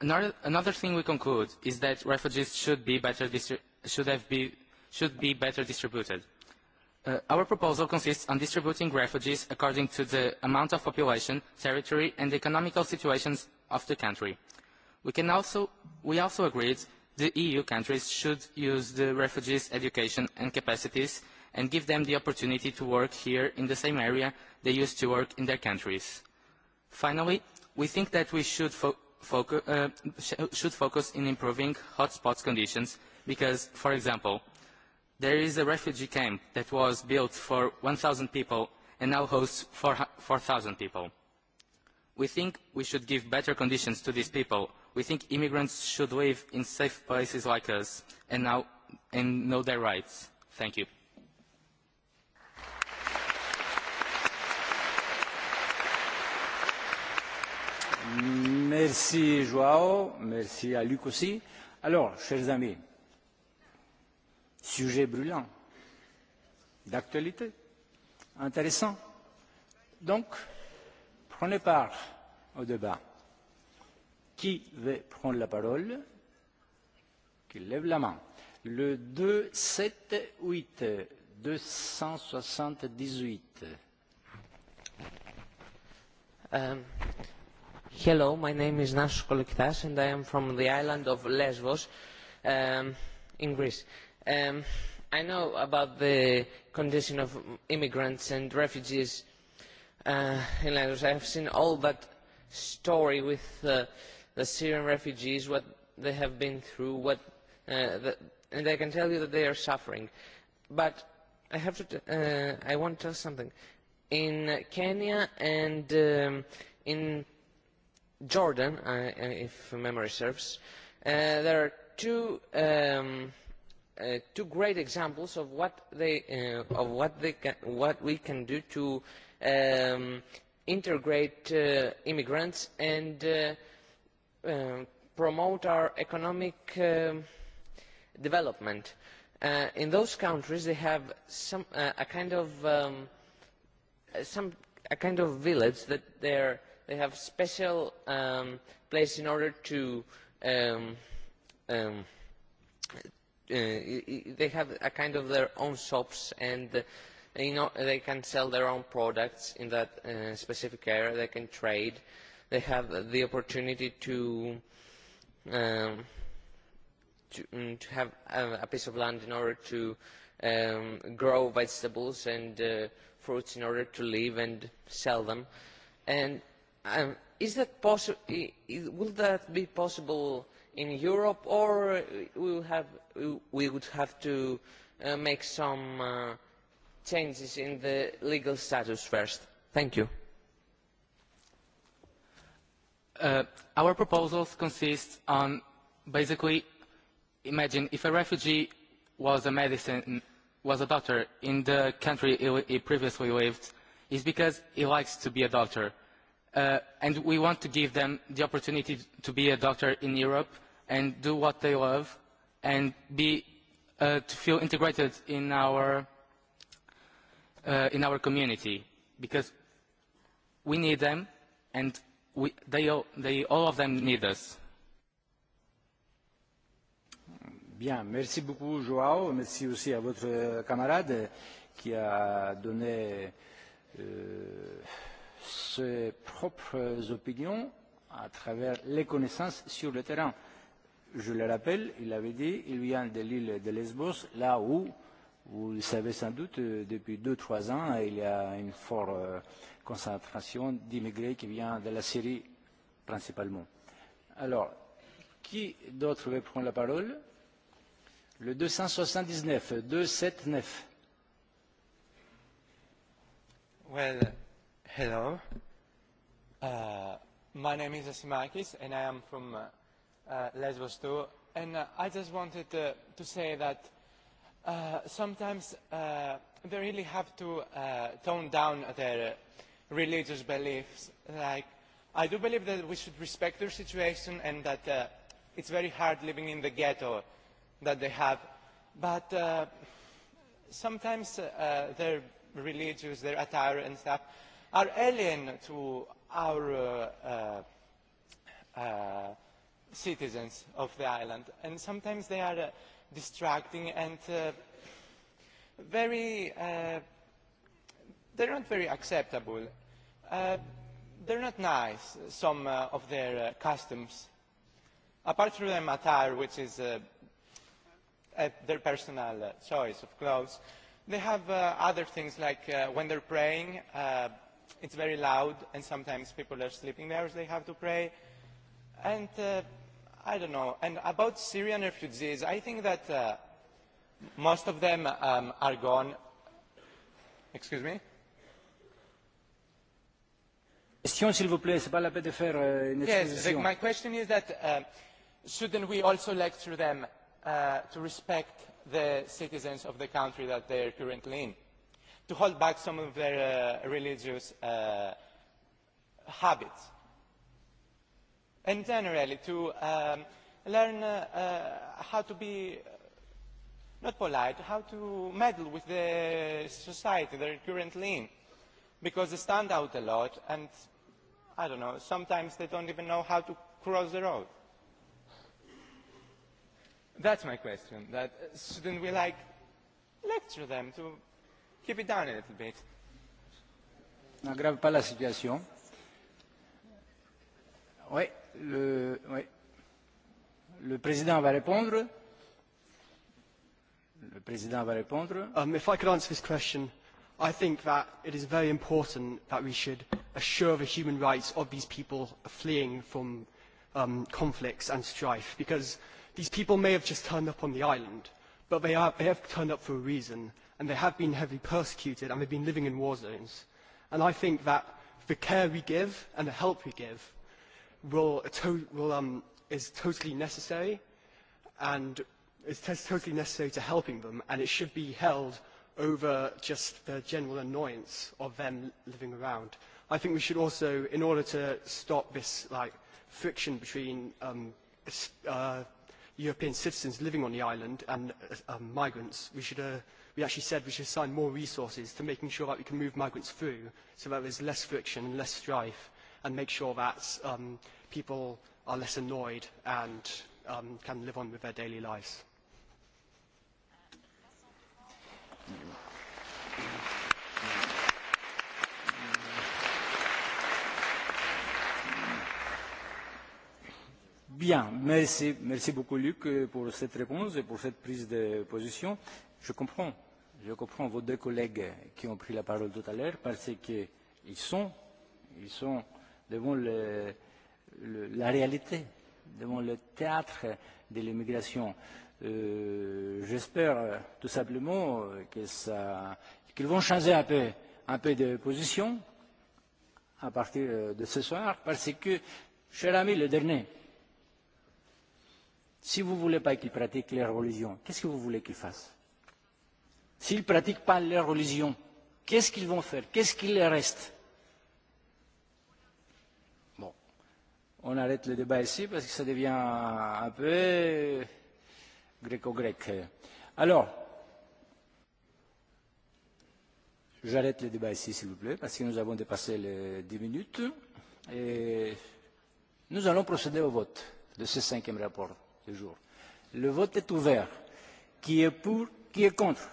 Another thing we conclude is that refugees should be better should be better distributed. Our proposal consists on distributing refugees according to the amount of population, territory and economical situations of the country. We can also we also agreed the EU countries should use the refugees' education and capacities and give them the opportunity to work here in the same area they used to work in their countries. Finally, we think that we should focus in improving hotspots conditions because, for example, there is a refugee camp that was built for 1,000 people and now hosts 4,000 people. We think we should give better conditions to these people. We think immigrants should live in safe places like us and know their rights. Thank you. Merci Joao, merci à Luc aussi. Alors, chers amis, sujet brûlant, d'actualité, intéressant. Donc, prenez part au débat. Qui veut prendre la parole Qui lève la main. Le 2, 8, 278. Euh... Hello, my name is Nasos Kolokitas and I am from the island of Lesbos in Greece. I know about the condition of immigrants and refugees in Lesbos. I have seen all that story with the Syrian refugees, what they have been through, what and I can tell you that they are suffering. But I have to I want to tell something. In Kenya and in Jordan, if memory serves, there are two two great examples of what they of what we can do to integrate immigrants and promote our economic development. In those countries, they have some a kind of some a kind of village that they're they have special place in order to they have a kind of their own shops and they can sell their own products in that specific area they can trade they have the opportunity to to have a piece of land in order to grow vegetables and fruits in order to live and sell them and Is that possible? Will that be possible in Europe, or we would have to make some changes in the legal status first? Thank you. Our proposals consist on basically, imagine if a refugee was a medicine, was a doctor in the country he previously lived, is because he likes to be a doctor and we want to give them the opportunity to be a doctor in Europe and do what they love and be to feel integrated in our in our community because we need them and we they all they all of them need us. Bien, merci beaucoup Joao, merci aussi à votre camarade qui a donné ses propres opinions à travers les connaissances sur le terrain. Je le rappelle, il avait dit, il vient de l'île de Lesbos, là où, vous le savez sans doute, depuis deux, trois ans, il y a une forte concentration d'immigrés qui vient de la Syrie principalement. Alors, qui d'autre veut prendre la parole Le 279, 279. Well, Hello. My name is Asimakis and I am from Lesbos too. And I just wanted to say that sometimes they really have to tone down their religious beliefs. Like, I do believe that we should respect their situation and that it's very hard living in the ghetto that they have. But sometimes their religious, their attire and stuff are alien to our citizens of the island and sometimes they are distracting and very they're not very acceptable. They're not nice, some of their customs. Apart from their attire, which is their personal choice of clothes, they have other things like when they're praying, it's very loud and sometimes people are sleeping there as they have to pray and i don't know and about syrian refugees i think that most of them are gone excuse me s'il my question is that shouldn't we also lecture them to respect the citizens of the country that they are currently in to hold back some of their religious habits. And generally, to learn how to be not polite, how to meddle with the society they're currently in. Because they stand out a lot, and I don't know, sometimes they don't even know how to cross the road. That's my question. That shouldn't we like lecture them to a situation. Oui, le, le président va répondre. Le président va répondre. Um, if I could answer this question, I think that it is very important that we should assure the human rights of these people fleeing from um, conflicts and strife, because these people may have just turned up on the island, but they, are, they have turned up for a reason and they have been heavily persecuted and they've been living in war zones. And I think that the care we give and the help we give will, will, um, is totally necessary and is totally necessary to helping them and it should be held over just the general annoyance of them living around. I think we should also, in order to stop this like friction between um, uh, European citizens living on the island and migrants, we should we actually said we should assign more resources to making sure that we can move migrants through so that there's less friction and less strife and make sure that um, people are less annoyed and um, can live on with their daily lives. Bien, merci, merci beaucoup Luc pour cette réponse et pour cette prise de position. Je comprends, je comprends vos deux collègues qui ont pris la parole tout à l'heure parce qu'ils sont, ils sont devant le, la réalité, devant le théâtre de l'immigration. J'espère tout simplement qu'ils vont changer un peu, un peu de position à partir de ce soir parce que, cher ami, le dernier, si vous ne voulez pas qu'ils pratiquent les religions, qu'est-ce que vous voulez qu'ils fassent S'ils ne pratiquent pas leur religion, qu'est-ce qu'ils vont faire Qu'est-ce qu'il leur reste Bon, on arrête le débat ici parce que ça devient un peu gréco-grec. Alors, j'arrête le débat ici, s'il vous plaît, parce que nous avons dépassé les 10 minutes. Et nous allons procéder au vote de ce cinquième rapport du jour. Le vote est ouvert. Qui est pour Qui est contre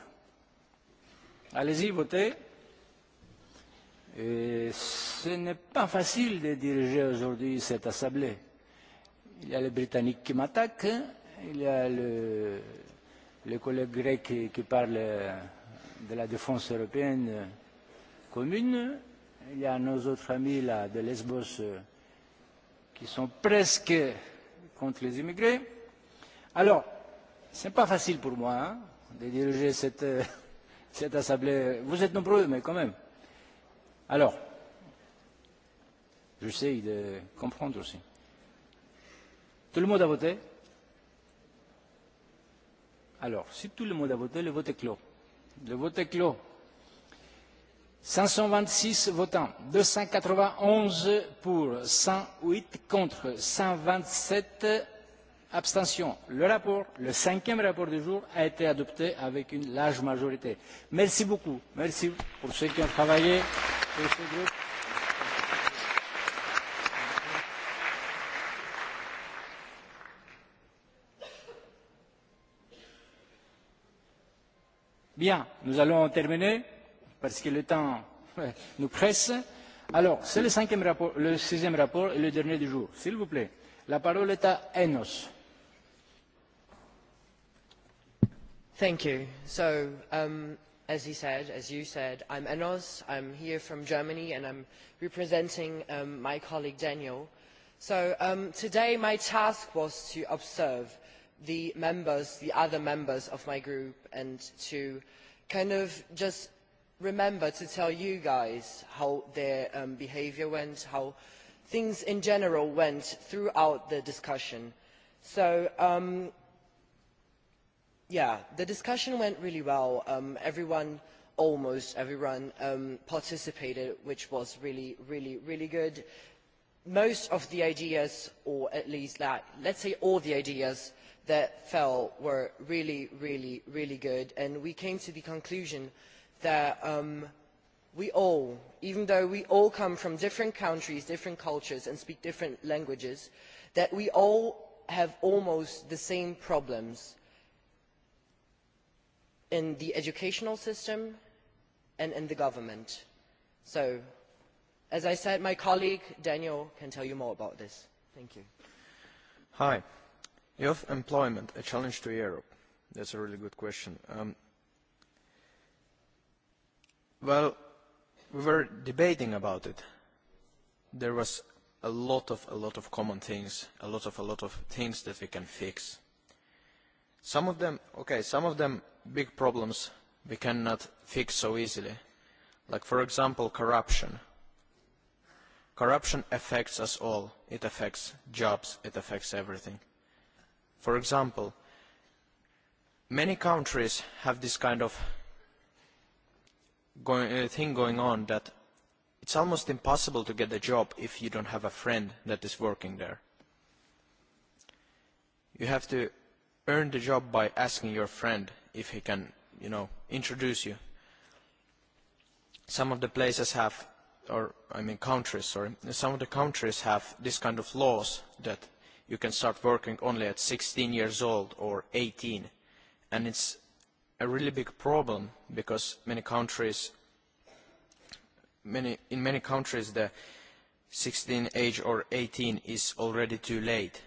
Allez-y, votez. Et ce n'est pas facile de diriger aujourd'hui cette assemblée. Il y a les Britanniques qui m'attaquent, il y a le, le collègue grec qui, qui parle de la défense européenne commune, il y a nos autres amis là, de Lesbos qui sont presque contre les immigrés. Alors, ce n'est pas facile pour moi de diriger cette cette assemblée. Vous êtes nombreux, mais quand même. Alors, j'essaie de comprendre aussi. Tout le monde a voté Alors, si tout le monde a voté, le vote est clos. Le vote est clos. 526 votants, 291 pour, 108 contre, 127 Abstention. Le rapport, le cinquième rapport du jour, a été adopté avec une large majorité. Merci beaucoup. Merci pour ceux qui ont travaillé pour ce groupe. Bien, nous allons terminer parce que le temps nous presse. Alors, c'est le, le sixième rapport et le dernier du jour. S'il vous plaît, la parole est à Enos. Thank you. So, as he said, as you said, I'm Enos. I'm here from Germany and I'm representing my colleague Daniel. So today my task was to observe the members, the other members of my group, and to kind of just remember to tell you guys how their behaviour went, how things in general went throughout the discussion. So yeah the discussion went really well everyone almost everyone participated which was really really really good most of the ideas or at least that let's say all the ideas that fell were really really really good and we came to the conclusion that we all even though we all come from different countries different cultures and speak different languages that we all have almost the same problems in the educational system and in the government. So, as I said, my colleague Daniel can tell you more about this. Thank you. Hi. Youth employment, a challenge to Europe. That's a really good question. well, we were debating about it. There was a lot of, a lot of common things, a lot of, a lot of things that we can fix Some of them, okay, some of them big problems we cannot fix so easily. Like, for example, corruption. Corruption affects us all. It affects jobs. It affects everything. For example, many countries have this kind of thing going on that it's almost impossible to get a job if you don't have a friend that is working there. You have to earn the job by asking your friend if he can, you know, introduce you. Some of the places have, or I mean countries, sorry, some of the countries have this kind of laws that you can start working only at 16 years old or 18. And it's a really big problem because many countries, many, in many countries the 16 age or 18 is already too late.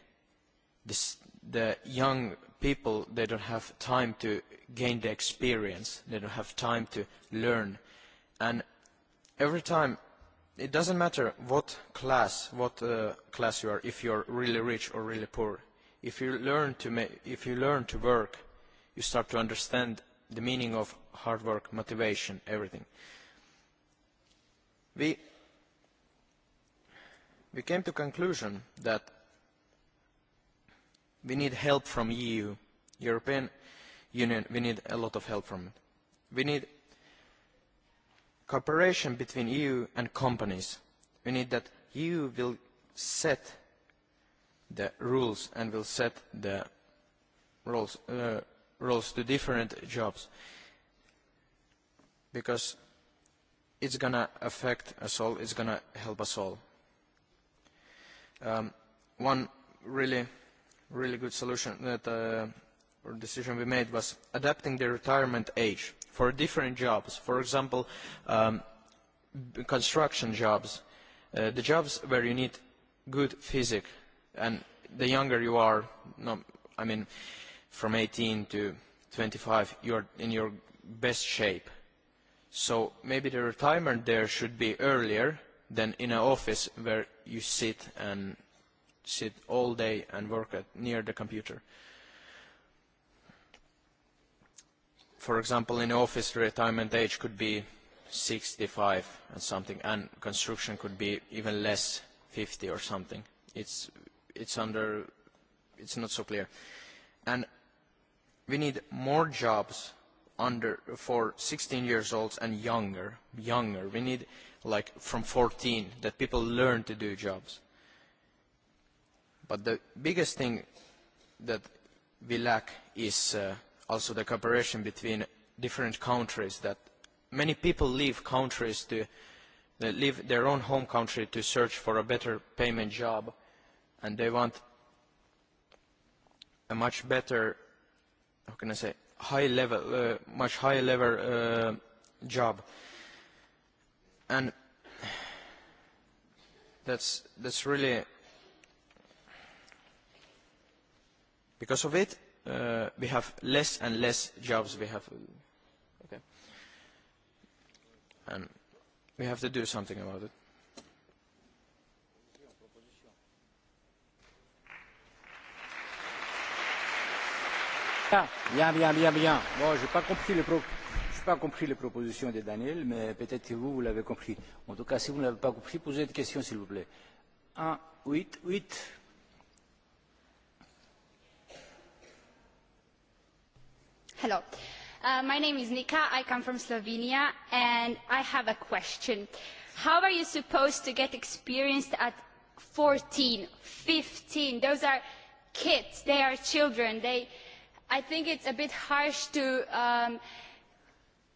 This the young people, they don't have time to gain the experience. They don't have time to learn. And every time, it doesn't matter what class, what class you are, if you're really rich or really poor. If you learn to if you learn to work, you start to understand the meaning of hard work, motivation, everything. We we came to conclusion that we need help from EU, European Union, we need a lot of help from it. We need cooperation between EU and companies. We need that EU will set the rules and will set the roles to different jobs because it's going to affect us all, it's going to help us all. One really really good solution that or decision we made was adapting the retirement age for different jobs. For example, construction jobs, the jobs where you need good physic, and the younger you are, no, I mean, from 18 to 25, you're in your best shape. So maybe the retirement there should be earlier than in an office where you sit and sit all day and work near the computer. For example, in office, retirement age could be 65 and something, and construction could be even less, 50 or something. It's it's under, it's not so clear. And we need more jobs under for 16 years old and younger, younger. We need like from 14 that people learn to do jobs But the biggest thing that we lack is also the cooperation between different countries. That many people leave countries to leave their own home country to search for a better payment job, and they want a much better, how can I say, high level, much higher level job. And that's that's really Because of it, we have less and less jobs. We have, okay, and we have to do something about it. Bien, bien, bien, bien. Bon, je n'ai pas compris pas compris les propositions de Daniel, mais peut-être que vous, vous l'avez compris. En tout cas, si vous ne l'avez pas compris, posez une question, s'il vous plaît. 1, 8, 8. Hello. My name is Nika. I come from Slovenia, and I have a question. How are you supposed to get experienced at 14, 15? Those are kids. They are children. They, I think it's a bit harsh to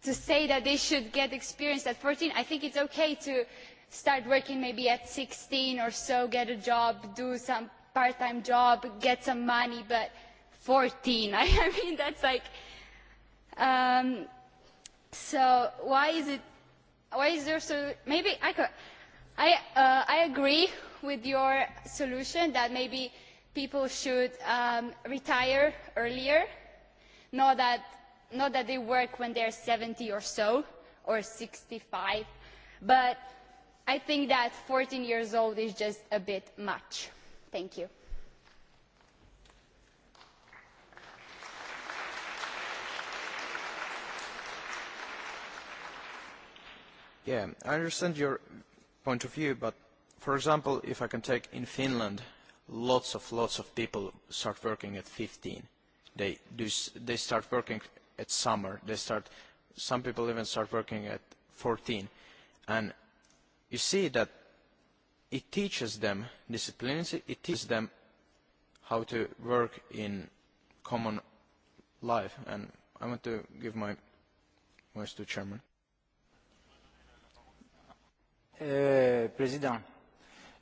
to say that they should get experienced at 14. I think it's okay to start working maybe at 16 or so, get a job, do some part-time job, get some money, but 14. I mean, that's like So why is it? Why is there so? Maybe I could. I I agree with your solution that maybe people should retire earlier, not that not that they work when they're 70 or so or 65, but I think that 14 years old is just a bit much. Thank you. Yeah, I understand your point of view, but for example, if I can take in Finland, lots of lots of people start working at 15. They do they start working at summer. They start some people even start working at 14, and you see that it teaches them discipline. It teaches them how to work in common life. And I want to give my voice to chairman. Président,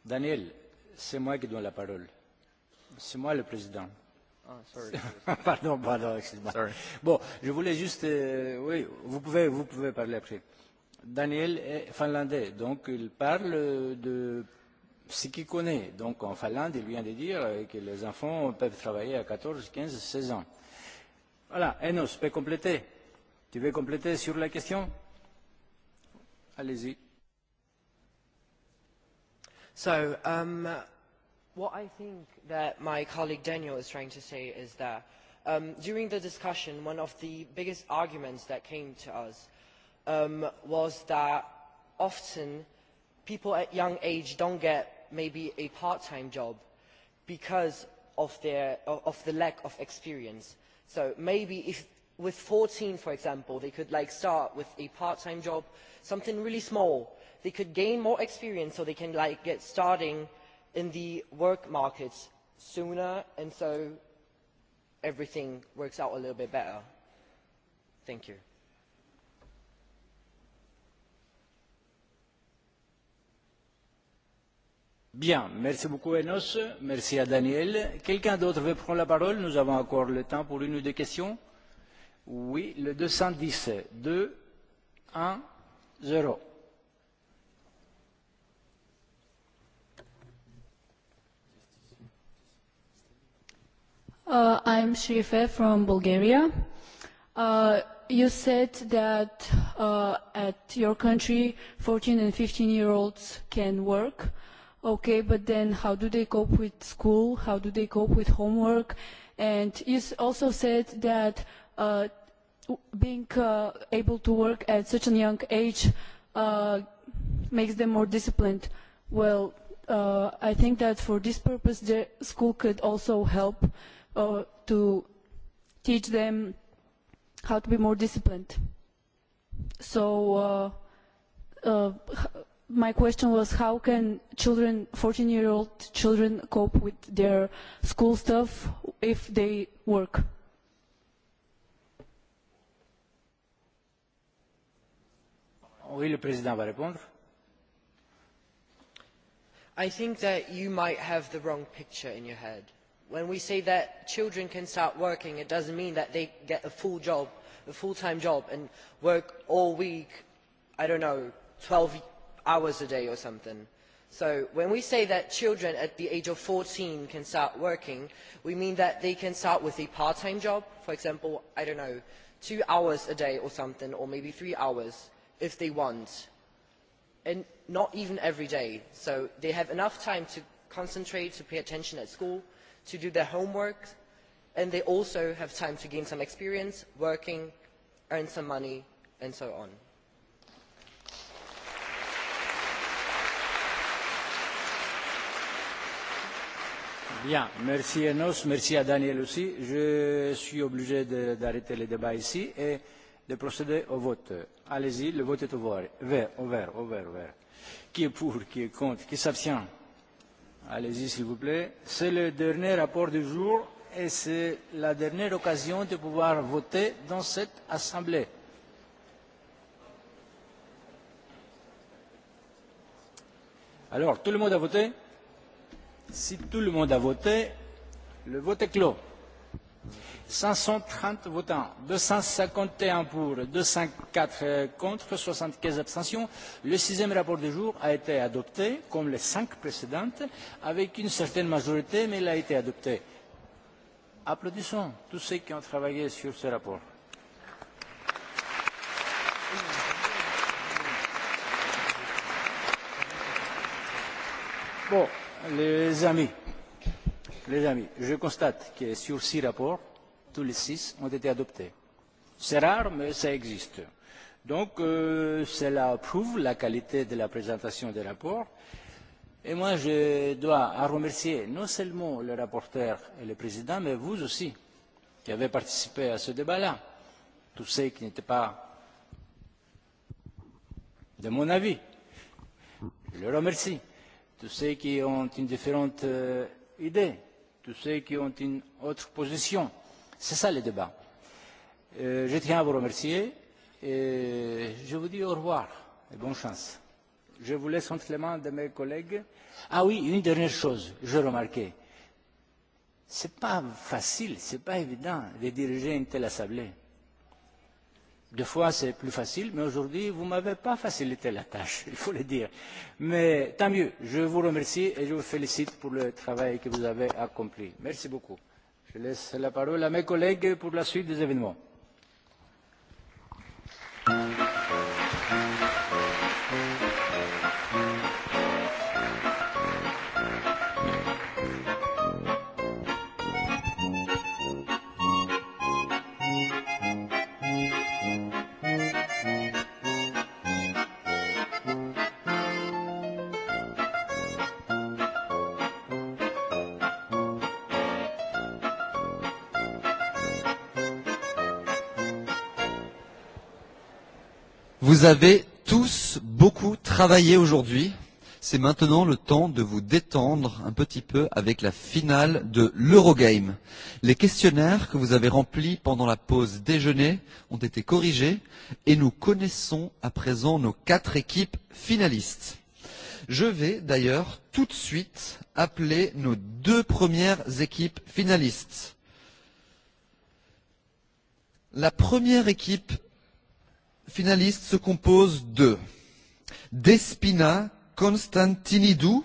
Daniel, c'est moi qui donne la parole. C'est moi le président. Pardon, pardon, excuse-moi. Bon, je voulais juste, oui, vous pouvez, vous pouvez parler après. Daniel est finlandais, donc il parle de ce qu'il connaît. Donc en Finlande, il vient de dire que les enfants peuvent travailler à 14, 15, 16 ans. Voilà, Enos, peut compléter. Tu veux compléter sur la question Allez-y. So um, what I think that my colleague Daniel is trying to say is that um, during the discussion, one of the biggest arguments that came to us um, was that often people at young age don't get maybe a part-time job because of, their, of the lack of experience. So maybe if with 14, for example, they could like start with a part-time job, something really small, they could gain more experience so they can like get starting in the work market sooner and so everything works out a little bit better. Thank you. Bien, merci beaucoup Enos, merci à Daniel. Quelqu'un d'autre veut prendre la parole Nous avons encore le temps pour une ou deux questions. Oui, le 210, 2, 1, 0. I'm Shrife from Bulgaria. You said that at your country 14 and 15 year olds can work. Okay, but then how do they cope with school? How do they cope with homework? And you also said that being able to work at such a young age makes them more disciplined. Well, I think that for this purpose, the school could also help to teach them how to be more disciplined. So my question was how can children, 14-year-old children, cope with their school stuff if they work? I think that you might have the wrong picture in your head when we say that children can start working it doesn't mean that they get a full job a full time job and work all week i don't know 12 hours a day or something so when we say that children at the age of 14 can start working we mean that they can start with a part time job for example i don't know two hours a day or something or maybe three hours if they want and not even every day so they have enough time to concentrate to pay attention at school to do their homework and they also have time to gain some experience working earn some money and so on. Bien, merci Enos, merci à Daniel aussi. Je suis obligé d'arrêter le débat ici et de procéder au vote. Allez-y, le vote est ouvert, ouvert, ouvert, ouvert. Qui est pour, qui est contre, qui s'abstient Allez-y, s'il vous plaît. C'est le dernier rapport du jour et c'est la dernière occasion de pouvoir voter dans cette Assemblée. Alors, tout le monde a voté Si tout le monde a voté, le vote est clos. 530 votants, 251 pour, 204 contre, 75 abstentions. Le sixième rapport du jour a été adopté, comme les cinq précédentes, avec une certaine majorité, mais il a été adopté. Applaudissons tous ceux qui ont travaillé sur ce rapport. Bon, les amis, les amis, je constate que sur six rapports, tous les six ont été adoptés. C'est rare, mais ça existe. Donc, cela prouve la qualité de la présentation des rapports. Et moi, je dois remercier non seulement le rapporteur et le président, mais vous aussi, qui avez participé à ce débat-là. Tous ceux qui n'étaient pas de mon avis. Je le remercie. Tous ceux qui ont une différente idée, tous ceux qui ont une autre position. C'est ça le débat. Je tiens à vous remercier et je vous dis au revoir et bonne chance. Je vous laisse entre les mains de mes collègues. Ah oui, une dernière chose, je remarquais Ce n'est pas facile, ce n'est pas évident de diriger une telle assemblée. Des fois, c'est plus facile, mais aujourd'hui, vous ne m'avez pas facilité la tâche, il faut le dire. Mais tant mieux, je vous remercie et je vous félicite pour le travail que vous avez accompli. Merci beaucoup. Je laisse la parole à mes collègues pour la suite des événements. avez tous beaucoup travaillé aujourd'hui. C'est maintenant le temps de vous détendre un petit peu avec la finale de l'Eurogame. Les questionnaires que vous avez remplis pendant la pause déjeuner ont été corrigés et nous connaissons à présent nos quatre équipes finalistes. Je vais d'ailleurs tout de suite appeler nos deux premières équipes finalistes. La première équipe finaliste se compose de Despina Constantinidou.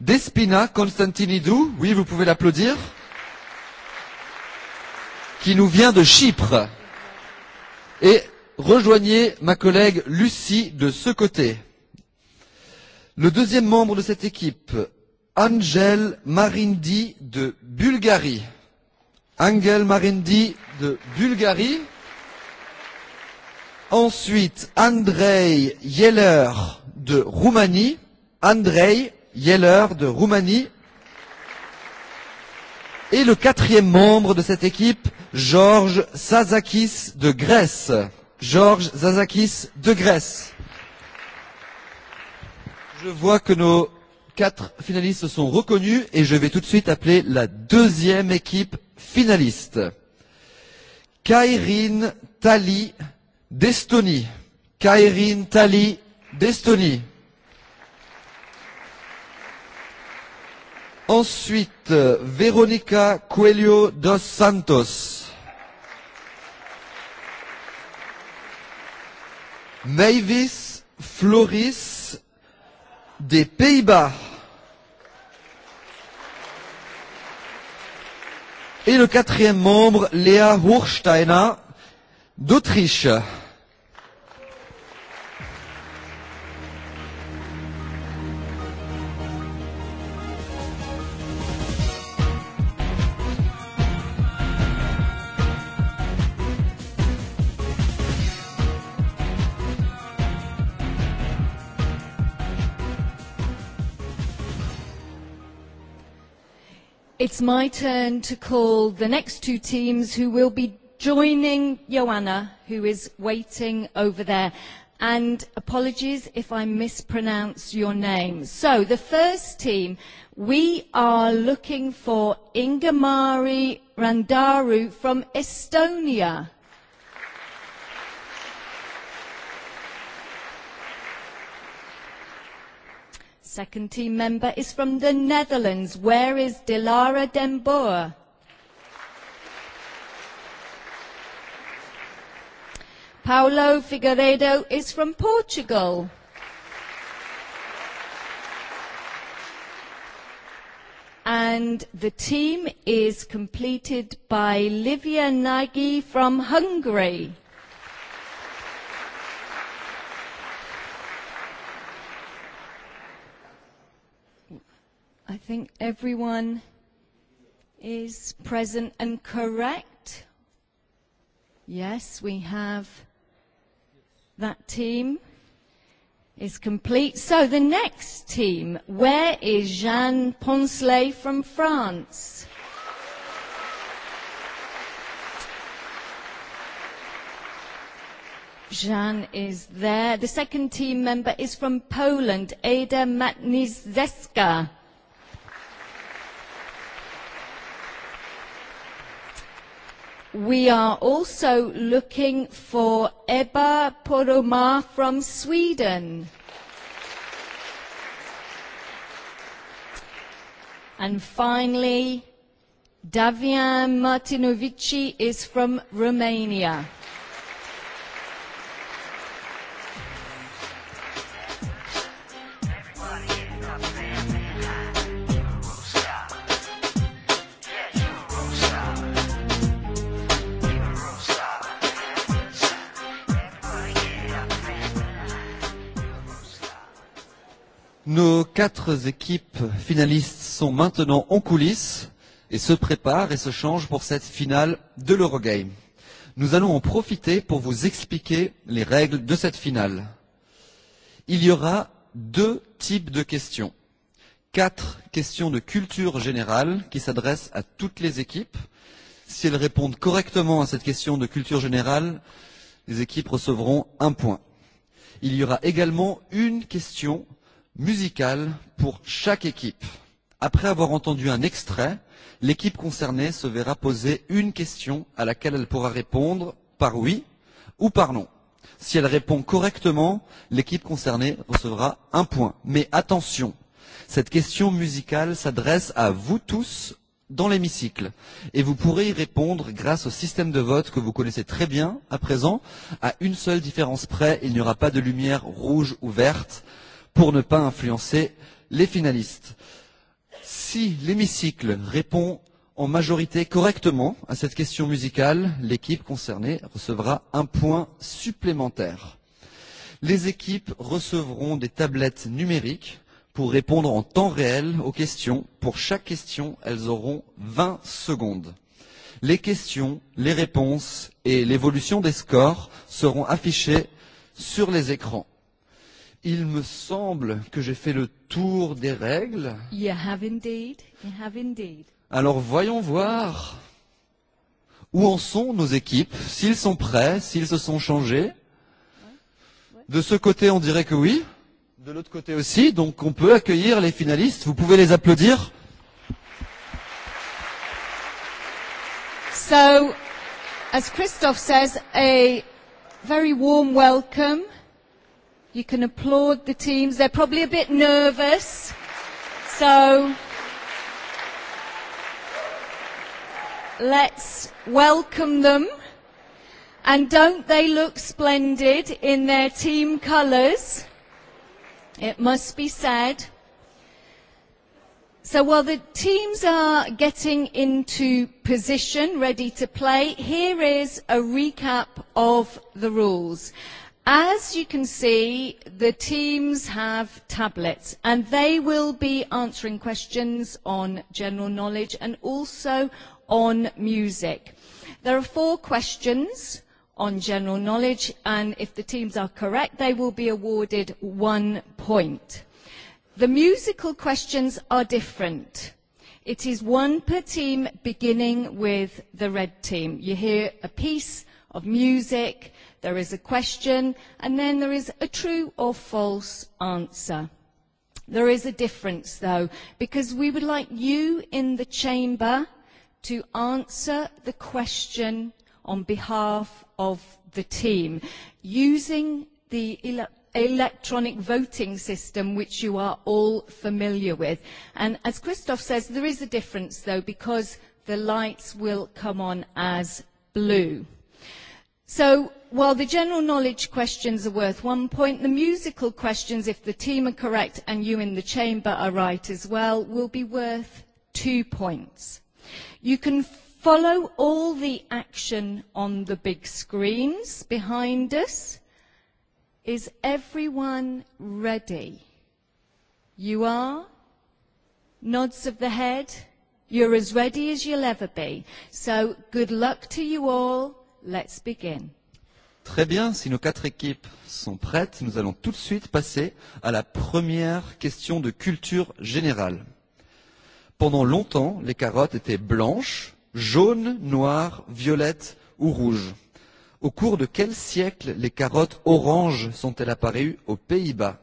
Despina Constantinidou, oui, vous pouvez l'applaudir, qui nous vient de Chypre. Et rejoignez ma collègue Lucie de ce côté. Le deuxième membre de cette équipe, Angel Marindi de Bulgarie. Angel Marindi de Bulgarie. Ensuite, Andrei Yeller de Roumanie. Andrei Yeller de Roumanie. Et le quatrième membre de cette équipe, Georges Sazakis de Grèce. Georges Zazakis de Grèce. Je vois que nos quatre finalistes sont reconnus et je vais tout de suite appeler la deuxième équipe finaliste. Kairin Tali d'Estonie. Kairin Tali d'Estonie. Ensuite, Veronica Coelho dos Santos. Mavis Floris des Pays-Bas. Et le quatrième membre, Léa Hursteiner d'Autriche. It's my turn to call the next two teams who will be joining Joanna, who is waiting over there. And apologies if I mispronounce your name. So the first team, we are looking for Ingemari Randaru from Estonia. second team member is from the Netherlands. Where is Dilara Den Paulo Figueiredo is from Portugal. And the team is completed by Livia Nagy from Hungary. I think everyone is present and correct. Yes, we have that team is complete. So the next team, where is Jeanne Poncelet from France? Jeanne is there. The second team member is from Poland, Ada Matnizeska. We are also looking for Ebba Poroma from Sweden. And finally, Davian Martinovici is from Romania. Nos quatre équipes finalistes sont maintenant en coulisses et se préparent et se changent pour cette finale de l'Eurogame. Nous allons en profiter pour vous expliquer les règles de cette finale. Il y aura deux types de questions. Quatre questions de culture générale qui s'adressent à toutes les équipes. Si elles répondent correctement à cette question de culture générale, les équipes recevront un point. Il y aura également une question musicale pour chaque équipe. Après avoir entendu un extrait, l'équipe concernée se verra poser une question à laquelle elle pourra répondre par oui ou par non. Si elle répond correctement, l'équipe concernée recevra un point. Mais attention, cette question musicale s'adresse à vous tous dans l'hémicycle et vous pourrez y répondre grâce au système de vote que vous connaissez très bien à présent. À une seule différence près, il n'y aura pas de lumière rouge ou verte pour ne pas influencer les finalistes. Si l'hémicycle répond en majorité correctement à cette question musicale, l'équipe concernée recevra un point supplémentaire. Les équipes recevront des tablettes numériques pour répondre en temps réel aux questions. Pour chaque question, elles auront 20 secondes. Les questions, les réponses et l'évolution des scores seront affichées sur les écrans. Il me semble que j'ai fait le tour des règles. Alors voyons voir où en sont nos équipes, s'ils sont prêts, s'ils se sont changés. De ce côté, on dirait que oui. De l'autre côté aussi, donc on peut accueillir les finalistes. Vous pouvez les applaudir. So, as Christophe says, a very warm welcome You can applaud the teams. They're probably a bit nervous. So let's welcome them. And don't they look splendid in their team colours? It must be said. So while the teams are getting into position, ready to play, here is a recap of the rules. As you can see, the teams have tablets and they will be answering questions on general knowledge and also on music. There are four questions on general knowledge and if the teams are correct, they will be awarded one point. The musical questions are different. It is one per team beginning with the red team. You hear a piece of music there is a question, and then there is a true or false answer. There is a difference, though, because we would like you in the chamber to answer the question on behalf of the team using the electronic voting system which you are all familiar with. And as Christoph says, there is a difference, though, because the lights will come on as blue. So while the general knowledge questions are worth one point, the musical questions, if the team are correct and you in the chamber are right as well, will be worth two points. You can follow all the action on the big screens behind us. Is everyone ready? You are? Nods of the head? You're as ready as you'll ever be. So good luck to you all Let's begin. Très bien, si nos quatre équipes sont prêtes, nous allons tout de suite passer à la première question de culture générale. Pendant longtemps, les carottes étaient blanches, jaunes, noires, violettes ou rouges. Au cours de quel siècle les carottes oranges sont-elles apparues aux Pays-Bas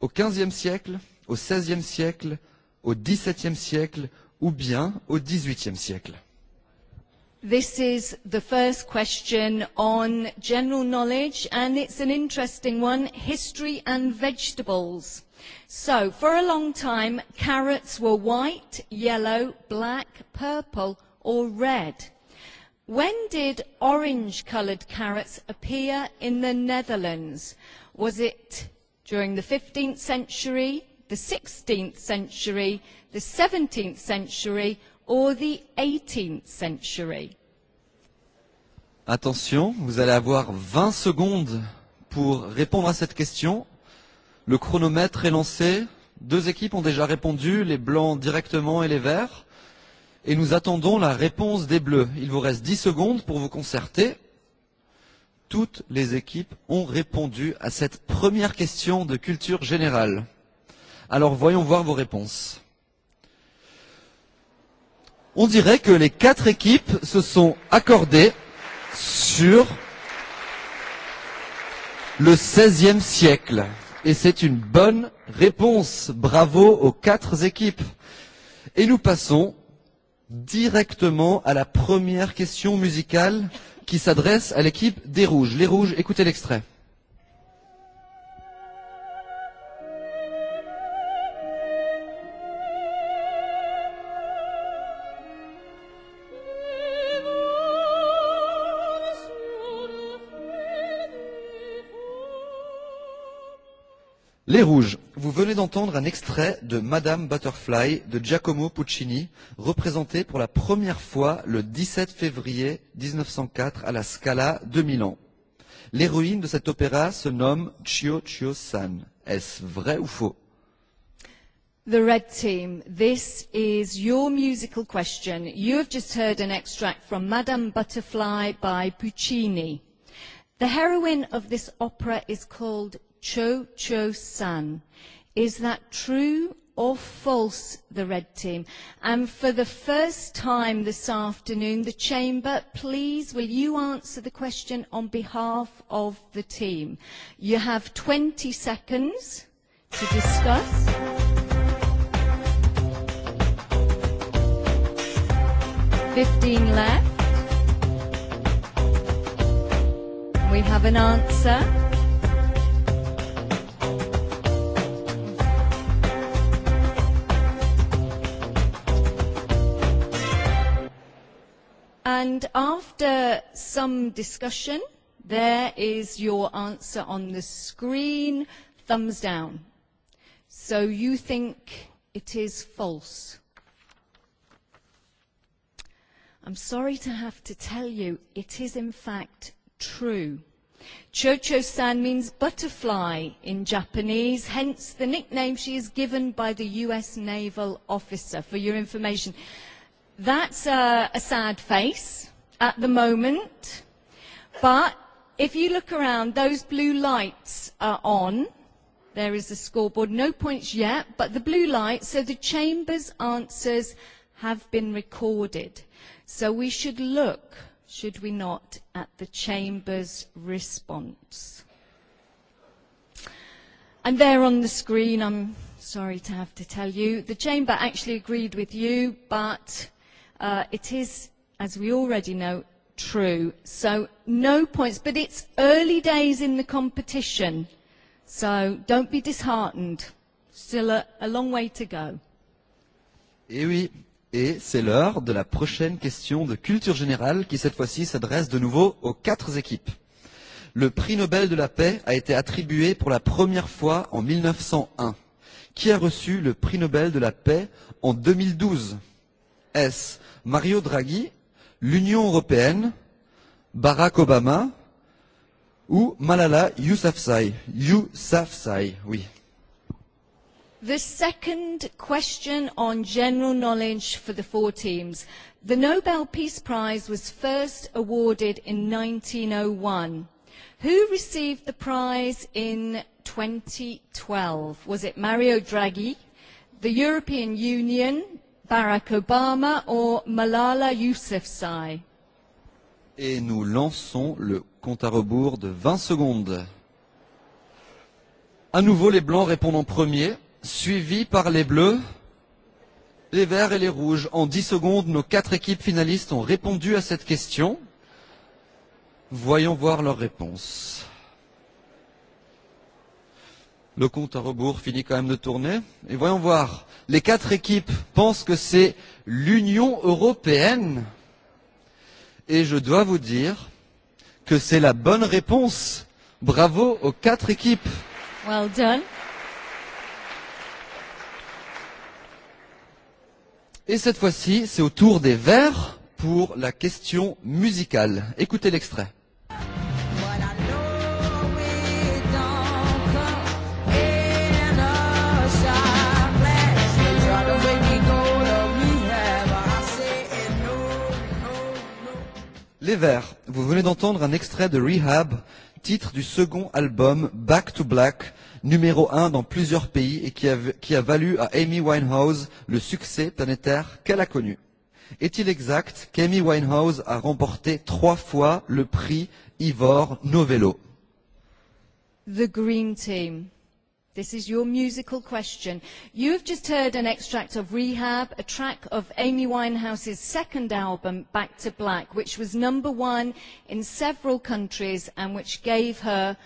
Au XVe siècle, au XVIe siècle, au XVIIe siècle ou bien au XVIIIe siècle This is the first question on general knowledge, and it's an interesting one, history and vegetables. So, for a long time, carrots were white, yellow, black, purple, or red. When did orange-coloured carrots appear in the Netherlands? Was it during the 15th century, the 16th century, the 17th century, or the 18th century? Attention, vous allez avoir 20 secondes pour répondre à cette question. Le chronomètre est lancé. Deux équipes ont déjà répondu, les blancs directement et les verts. Et nous attendons la réponse des bleus. Il vous reste 10 secondes pour vous concerter. Toutes les équipes ont répondu à cette première question de culture générale. Alors voyons voir vos réponses on dirait que les quatre équipes se sont accordées sur le 16 e siècle. Et c'est une bonne réponse. Bravo aux quatre équipes. Et nous passons directement à la première question musicale qui s'adresse à l'équipe des Rouges. Les Rouges, écoutez l'extrait. Les Rouges. Vous venez d'entendre un extrait de Madame Butterfly de Giacomo Puccini, représenté pour la première fois le 17 février 1904 à la Scala de Milan. L'héroïne de cet opéra se nomme Chio Chio San. Est-ce vrai ou faux? The Red Team, this is your musical question. You have just heard an extract from Madame Butterfly by Puccini. The heroine of this opera is called Cho Cho San. Is that true or false, the red team? And for the first time this afternoon, the chamber, please, will you answer the question on behalf of the team? You have 20 seconds to discuss. Fifteen left. We have an answer. And after some discussion, there is your answer on the screen, thumbs down. So you think it is false. I'm sorry to have to tell you, it is in fact true. Chocho-san means butterfly in Japanese, hence the nickname she is given by the US naval officer, for your information. That's a sad face at the moment, but if you look around, those blue lights are on. There is a scoreboard, no points yet, but the blue lights, so the chamber's answers have been recorded. So we should look, should we not, at the chamber's response. And there on the screen, I'm sorry to have to tell you, the chamber actually agreed with you, but It is, as we already know, true. So no points. But it's early days in the competition. So don't be disheartened. Still a long way to go. Et oui. Et c'est l'heure de la prochaine question de culture générale qui cette fois-ci s'adresse de nouveau aux quatre équipes. Le prix Nobel de la paix a été attribué pour la première fois en 1901. Qui a reçu le prix Nobel de la paix en 2012 S. Mario Draghi, l'Union européenne, Barack Obama ou Malala Yousafzai. Yousafzai, oui. The second question on general knowledge for the four teams. The Nobel Peace Prize was first awarded in 1901. Who received the prize in 2012? Was it Mario Draghi, the European Union, Barack Obama ou Malala Yousafzai Et nous lançons le compte à rebours de 20 secondes. À nouveau, les blancs répondent en premier, suivis par les bleus, les verts et les rouges. En 10 secondes, nos quatre équipes finalistes ont répondu à cette question. Voyons voir leurs réponses. Le compte à rebours finit quand même de tourner. Et voyons voir. Les quatre équipes pensent que c'est l'Union européenne. Et je dois vous dire que c'est la bonne réponse. Bravo aux quatre équipes. Well done. Et cette fois-ci, c'est au tour des verts pour la question musicale. Écoutez l'extrait. Les Verts, vous venez d'entendre un extrait de Rehab, titre du second album Back to Black, numéro 1 dans plusieurs pays et qui a, qui a valu à Amy Winehouse le succès planétaire qu'elle a connu. Est-il exact qu'Amy Winehouse a remporté trois fois le prix Ivor Novello The Green Team. This is your musical question. You have just heard an extract of Rehab, a track of Amy Winehouse's second album, Back to Black, which was number one in several countries and which gave her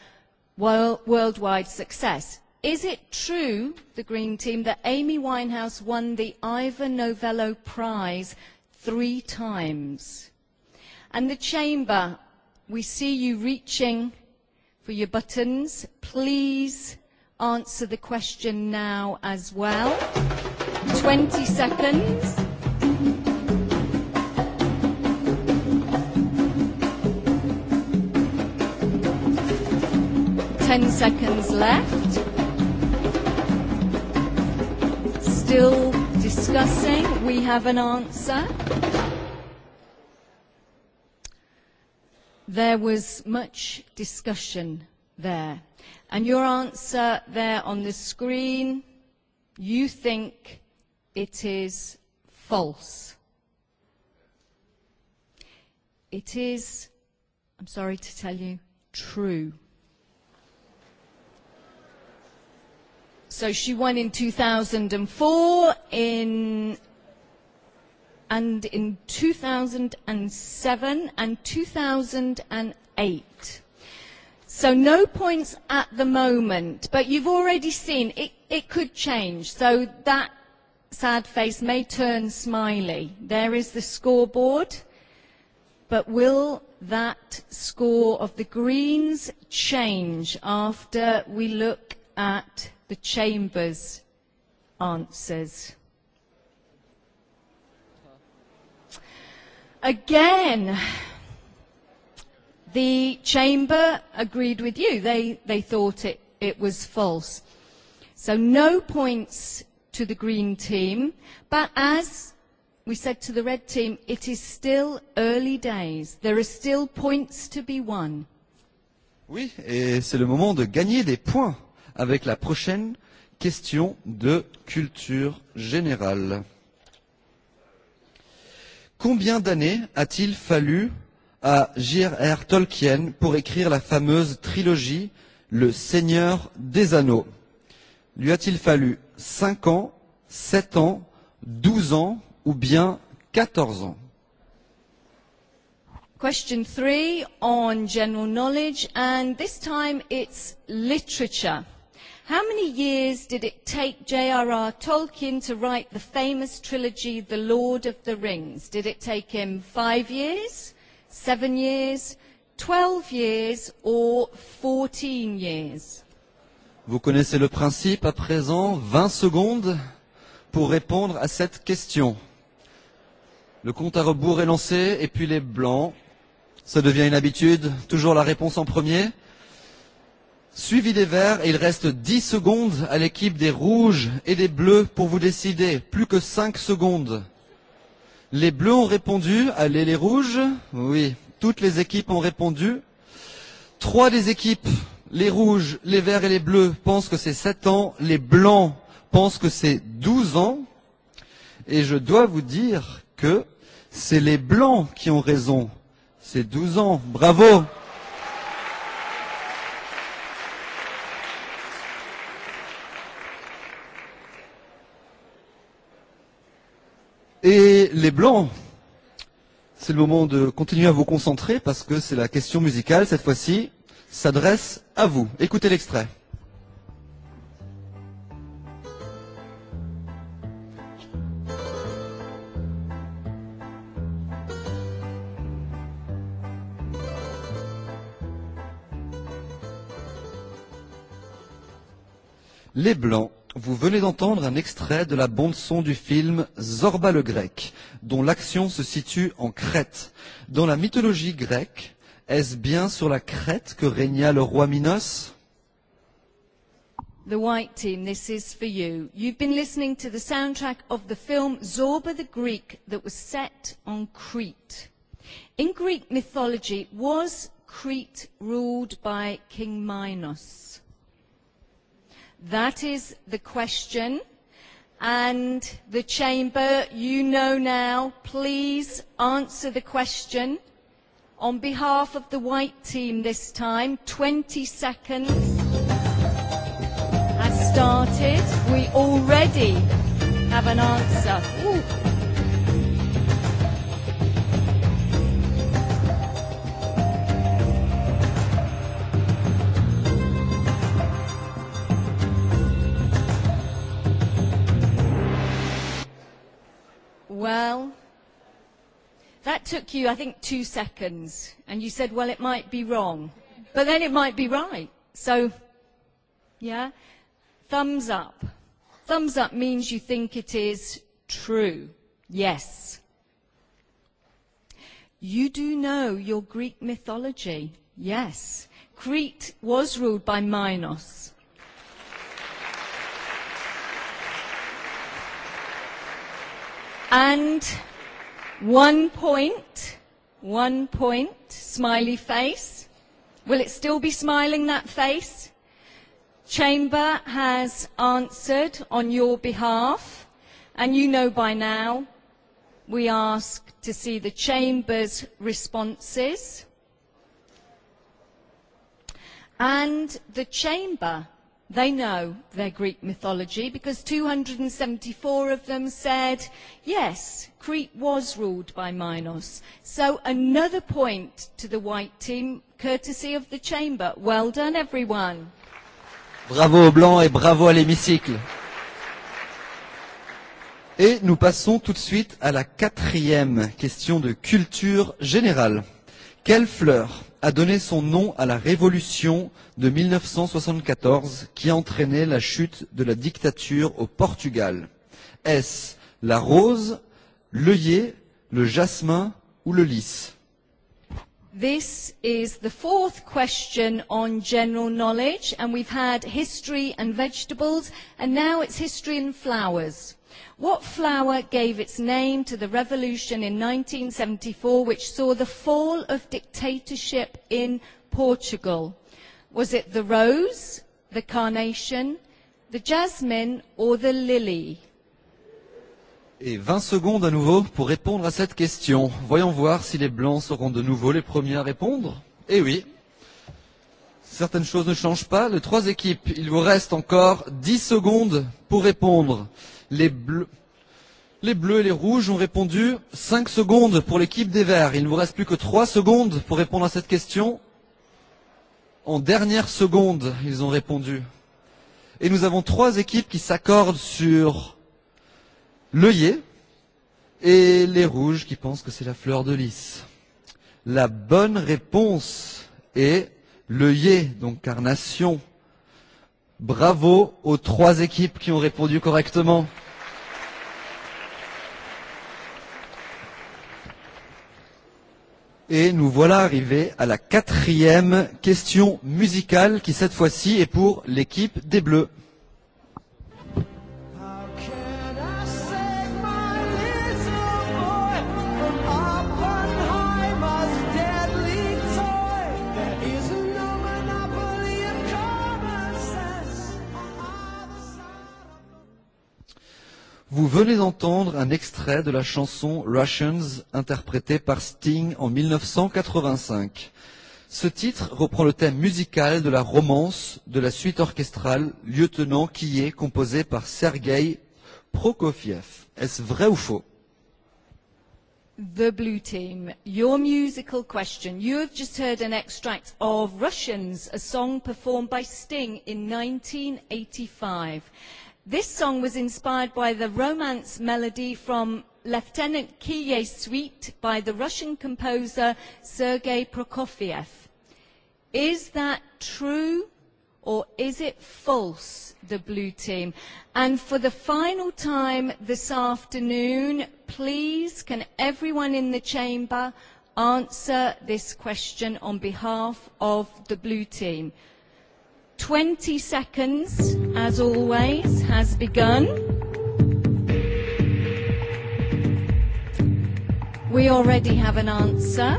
worldwide success. Is it true, the Green Team, that Amy Winehouse won the Ivor Novello Prize three times? And the Chamber, we see you reaching for your buttons. Please answer the question now as well. 20 seconds. Ten seconds left. Still discussing. We have an answer. There was much discussion there. And your answer there on the screen, you think it is false. It is, I'm sorry to tell you, true. So she won in 2004 in and in 2007 and 2008. So no points at the moment, but you've already seen it, it could change. So that sad face may turn smiley. There is the scoreboard, but will that score of the Greens change after we look at the Chamber's answers? Again, the chamber agreed with you. They, they thought it, it was false. So no points to the green team. But as we said to the red team, it is still early days. There are still points to be won. Oui, et c'est le moment de gagner des points avec la prochaine question de culture générale. Combien d'années a-t-il fallu à J.R.R. Tolkien pour écrire la fameuse trilogie Le Seigneur des Anneaux. Lui a-t-il fallu 5 ans, 7 ans, 12 ans ou bien 14 ans Question 3 on general knowledge and this time it's literature. How many years did it take J.R.R. Tolkien to write the famous trilogy The Lord of the Rings? Did it take him five years? seven years, 12 years or 14 years. Vous connaissez le principe à présent, 20 secondes pour répondre à cette question. Le compte à rebours est lancé et puis les blancs, ça devient une habitude, toujours la réponse en premier. Suivi des verts et il reste 10 secondes à l'équipe des rouges et des bleus pour vous décider. Plus que 5 secondes. Les bleus ont répondu. Allez, les rouges. Oui, toutes les équipes ont répondu. Trois des équipes, les rouges, les verts et les bleus, pensent que c'est 7 ans. Les blancs pensent que c'est 12 ans. Et je dois vous dire que c'est les blancs qui ont raison. C'est 12 ans. Bravo. Et les blancs, c'est le moment de continuer à vous concentrer parce que c'est la question musicale, cette fois-ci, s'adresse à vous. Écoutez l'extrait. Les blancs Vous venez d'entendre un extrait de la bande-son du film Zorba le Grec, dont l'action se situe en Crète. Dans la mythologie grecque, est-ce bien sur la Crète que régna le roi Minos The White Team, this is for you. You've been listening to the soundtrack of the film Zorba the Greek that was set on Crete. In Greek mythology, was Crete ruled by King Minos? That is the question. And the chamber, you know now, please answer the question. On behalf of the white team this time, 20 seconds has started. We already have an answer. Well, that took you, I think, two seconds. And you said, well, it might be wrong. But then it might be right. So, yeah. Thumbs up. Thumbs up means you think it is true. Yes. You do know your Greek mythology. Yes. Crete was ruled by Minos. And one point, one point, smiley face. Will it still be smiling, that face? Chamber has answered on your behalf. And you know by now, we ask to see the Chamber's responses. And the Chamber They know their Greek mythology because 274 of them said, yes, Crete was ruled by Minos. So another point to the white team, courtesy of the chamber. Well done, everyone. Bravo aux Blancs et bravo à l'hémicycle. Et nous passons tout de suite à la quatrième question de culture générale. Quelle fleur a donné son nom à la révolution de 1974 qui entraînait la chute de la dictature au Portugal Est-ce la rose, l'œillet, le jasmin ou le lys This is the fourth question on general knowledge and we've had history and vegetables and now it's history and flowers. What flower gave its name to the revolution in 1974 which saw the fall of dictatorship in Portugal? Was it the rose, the carnation, the jasmine or the lily? Et 20 secondes à nouveau pour répondre à cette question. Voyons voir si les blancs seront de nouveau les premiers à répondre. Eh oui. Certaines choses ne changent pas. Les trois équipes, il vous reste encore 10 secondes pour répondre. Les bleus, les bleus et les rouges ont répondu 5 secondes pour l'équipe des verts. Il ne vous reste plus que 3 secondes pour répondre à cette question. En dernière seconde, ils ont répondu. Et nous avons trois équipes qui s'accordent sur l'œillet et les rouges qui pensent que c'est la fleur de lys. La bonne réponse est l'œillet, donc carnation. Bravo aux trois équipes qui ont répondu correctement. Et nous voilà arrivés à la quatrième question musicale qui cette fois-ci est pour l'équipe des Bleus. Vous venez d'entendre un extrait de la chanson Russians interprétée par Sting en 1985. Ce titre reprend le thème musical de la romance de la suite orchestrale Lieutenant qui est composée par Sergei Prokofiev. Est-ce vrai ou faux The Blue Team, your musical question. You have just heard an extract of Russians, a song performed by Sting in 1985. This song was inspired by the romance melody from Lieutenant Kiye Suite by the Russian composer Sergei Prokofiev. Is that true or is it false, the blue team? And for the final time this afternoon, please can everyone in the chamber answer this question on behalf of the blue team. 20 seconds as always, has begun. We already have an answer.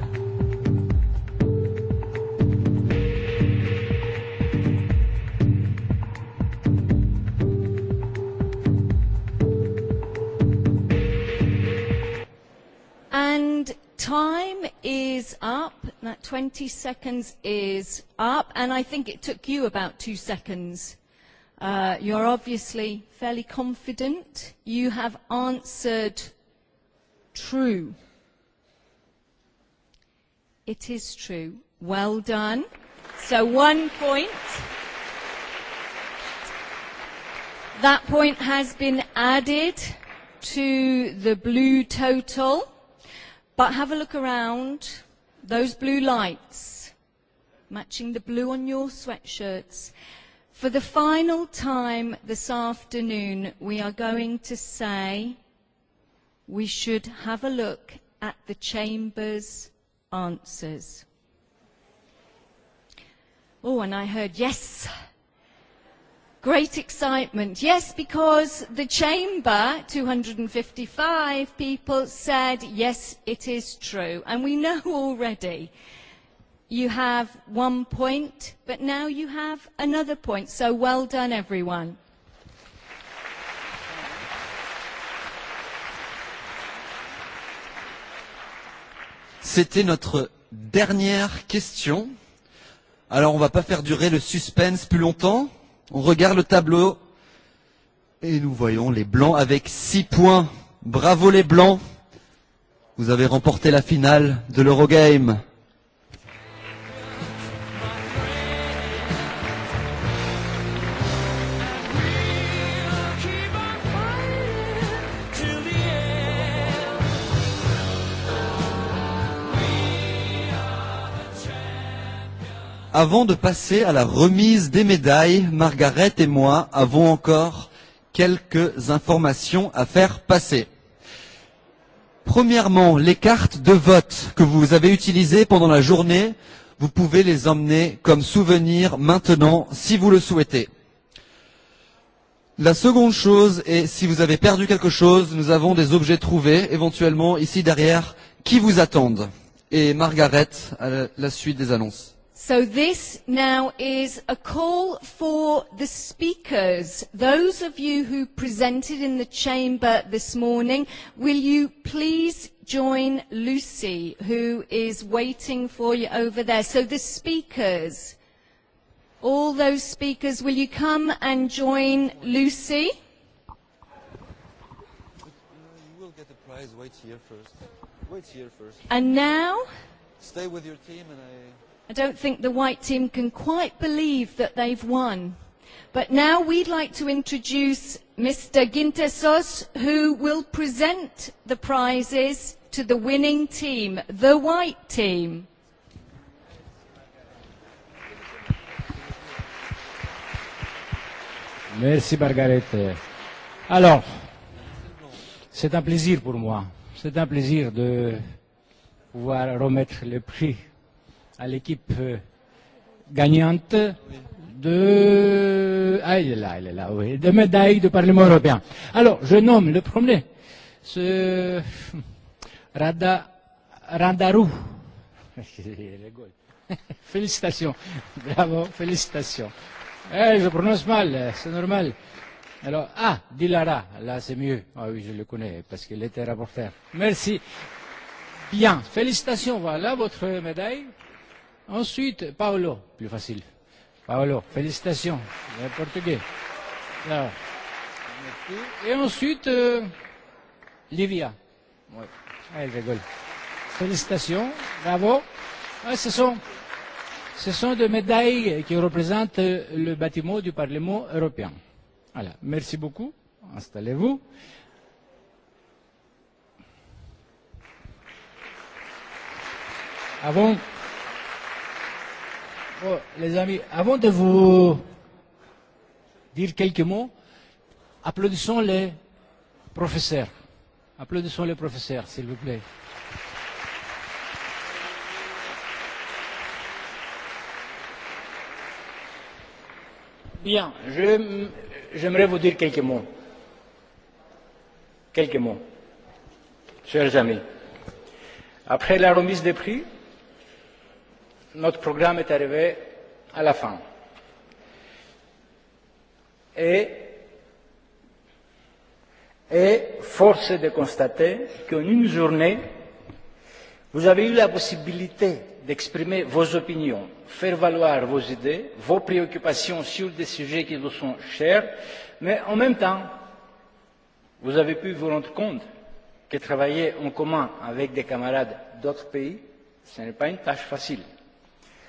And time is up. That 20 seconds is up. And I think it took you about two seconds You're obviously fairly confident. You have answered true. It is true. Well done. So one point. That point has been added to the blue total. But have a look around. Those blue lights matching the blue on your sweatshirts For the final time this afternoon, we are going to say we should have a look at the Chamber's answers. Oh, and I heard yes. Great excitement. Yes, because the Chamber, 255 people, said yes, it is true. And we know already you have one point, but now you have another point. So well done, everyone. C'était notre dernière question. Alors, on ne va pas faire durer le suspense plus longtemps. On regarde le tableau et nous voyons les Blancs avec 6 points. Bravo les Blancs. Vous avez remporté la finale de l'Eurogame. Avant de passer à la remise des médailles, Margaret et moi avons encore quelques informations à faire passer. Premièrement, les cartes de vote que vous avez utilisées pendant la journée, vous pouvez les emmener comme souvenir maintenant si vous le souhaitez. La seconde chose est si vous avez perdu quelque chose, nous avons des objets trouvés, éventuellement ici derrière, qui vous attendent. Et Margaret, à la suite des annonces. So this now is a call for the speakers. Those of you who presented in the chamber this morning, will you please join Lucy, who is waiting for you over there. So the speakers, all those speakers, will you come and join Lucy? You will get a prize. Wait here first. Wait here first. And now? Stay with your team and I... I don't think the white team can quite believe that they've won. But now we'd like to introduce Mr. Gintesos, who will present the prizes to the winning team, the white team. Merci, Margarete. Alors, c'est un plaisir pour moi. C'est un plaisir de pouvoir remettre le prix à l'équipe gagnante de ah il est là est là oui de médaille du Parlement européen. Alors je nomme le premier ce Rada Randarou. félicitations bravo félicitations. Eh, je prononce mal c'est normal. Alors ah Dilara là c'est mieux ah oui je le connais parce qu'il était rapporteur. Merci bien félicitations voilà votre médaille. Ensuite, Paolo, plus facile. Paolo, félicitations, le portugais. Là. Et ensuite, euh, Livia. Ah, Elle rigole. Félicitations, bravo. Ah, ce, sont, ce sont des médailles qui représentent le bâtiment du Parlement européen. Voilà, merci beaucoup. Installez-vous. Avant Oh, les amis, avant de vous dire quelques mots, applaudissons les professeurs. Applaudissons les professeurs, s'il vous plaît. Bien, j'aimerais vous dire quelques mots. Quelques mots, chers amis. Après la remise des prix, notre programme est arrivé à la fin. Et, et force est de constater qu'en une journée, vous avez eu la possibilité d'exprimer vos opinions, faire valoir vos idées, vos préoccupations sur des sujets qui vous sont chers, mais en même temps, vous avez pu vous rendre compte que travailler en commun avec des camarades d'autres pays, ce n'est pas une tâche facile.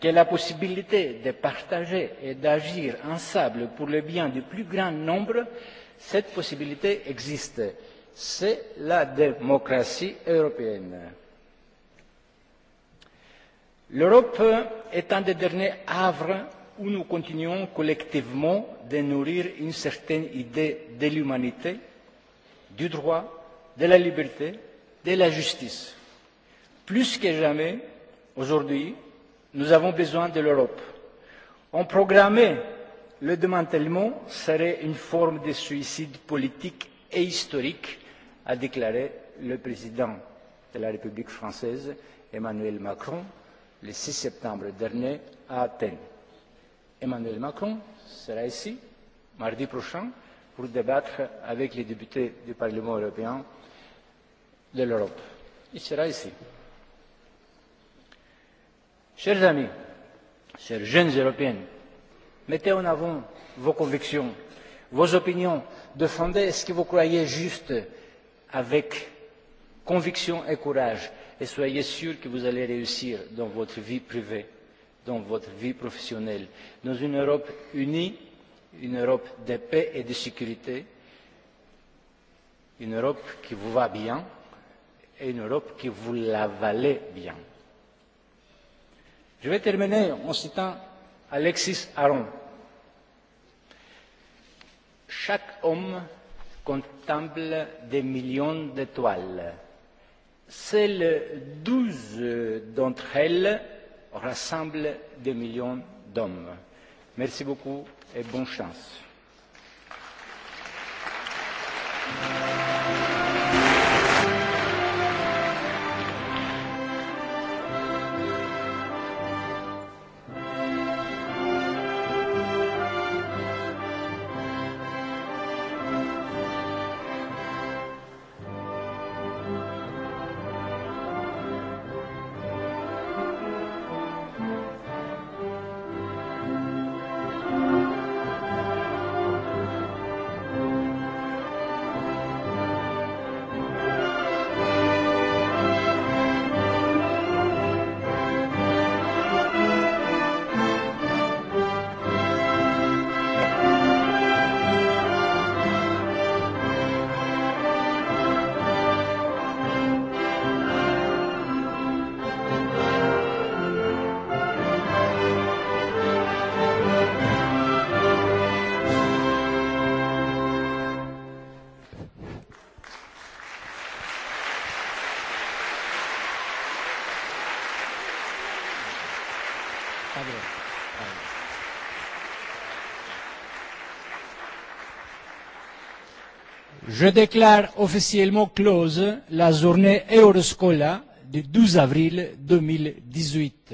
que la possibilité de partager et d'agir ensemble pour le bien du plus grand nombre, cette possibilité existe. C'est la démocratie européenne. L'Europe est un des derniers havres où nous continuons collectivement de nourrir une certaine idée de l'humanité, du droit, de la liberté, de la justice. Plus que jamais, aujourd'hui, Nous avons besoin de l'Europe. En programmer le démantèlement serait une forme de suicide politique et historique, a déclaré le président de la République française, Emmanuel Macron, le 6 septembre dernier à Athènes. Emmanuel Macron sera ici mardi prochain pour débattre avec les députés du Parlement européen de l'Europe. Il sera ici. Chers amis, chers jeunes européennes, mettez en avant vos convictions, vos opinions, défendez ce que vous croyez juste avec conviction et courage, et soyez sûrs que vous allez réussir dans votre vie privée, dans votre vie professionnelle, dans une Europe unie, une Europe de paix et de sécurité, une Europe qui vous va bien et une Europe qui vous la valait bien. Je vais terminer en citant Alexis Aron. Chaque homme contemple des millions d'étoiles. Seules douze d'entre elles rassemblent des millions d'hommes. Merci beaucoup et bonne chance. Je déclare officiellement close la journée Euroscola du 12 avril 2018.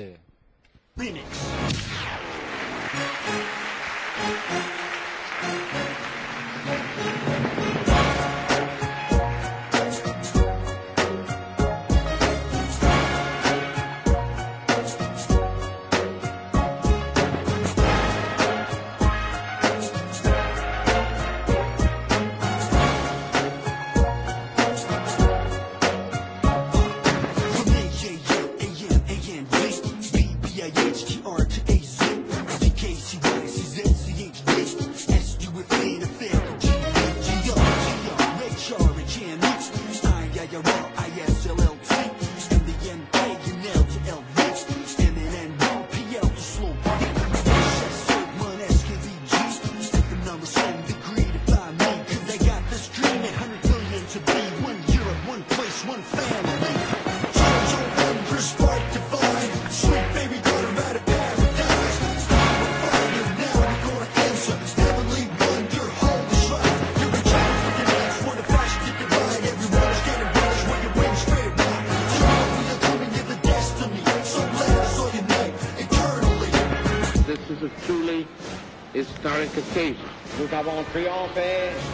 Frank chose. Nous avons triomphé.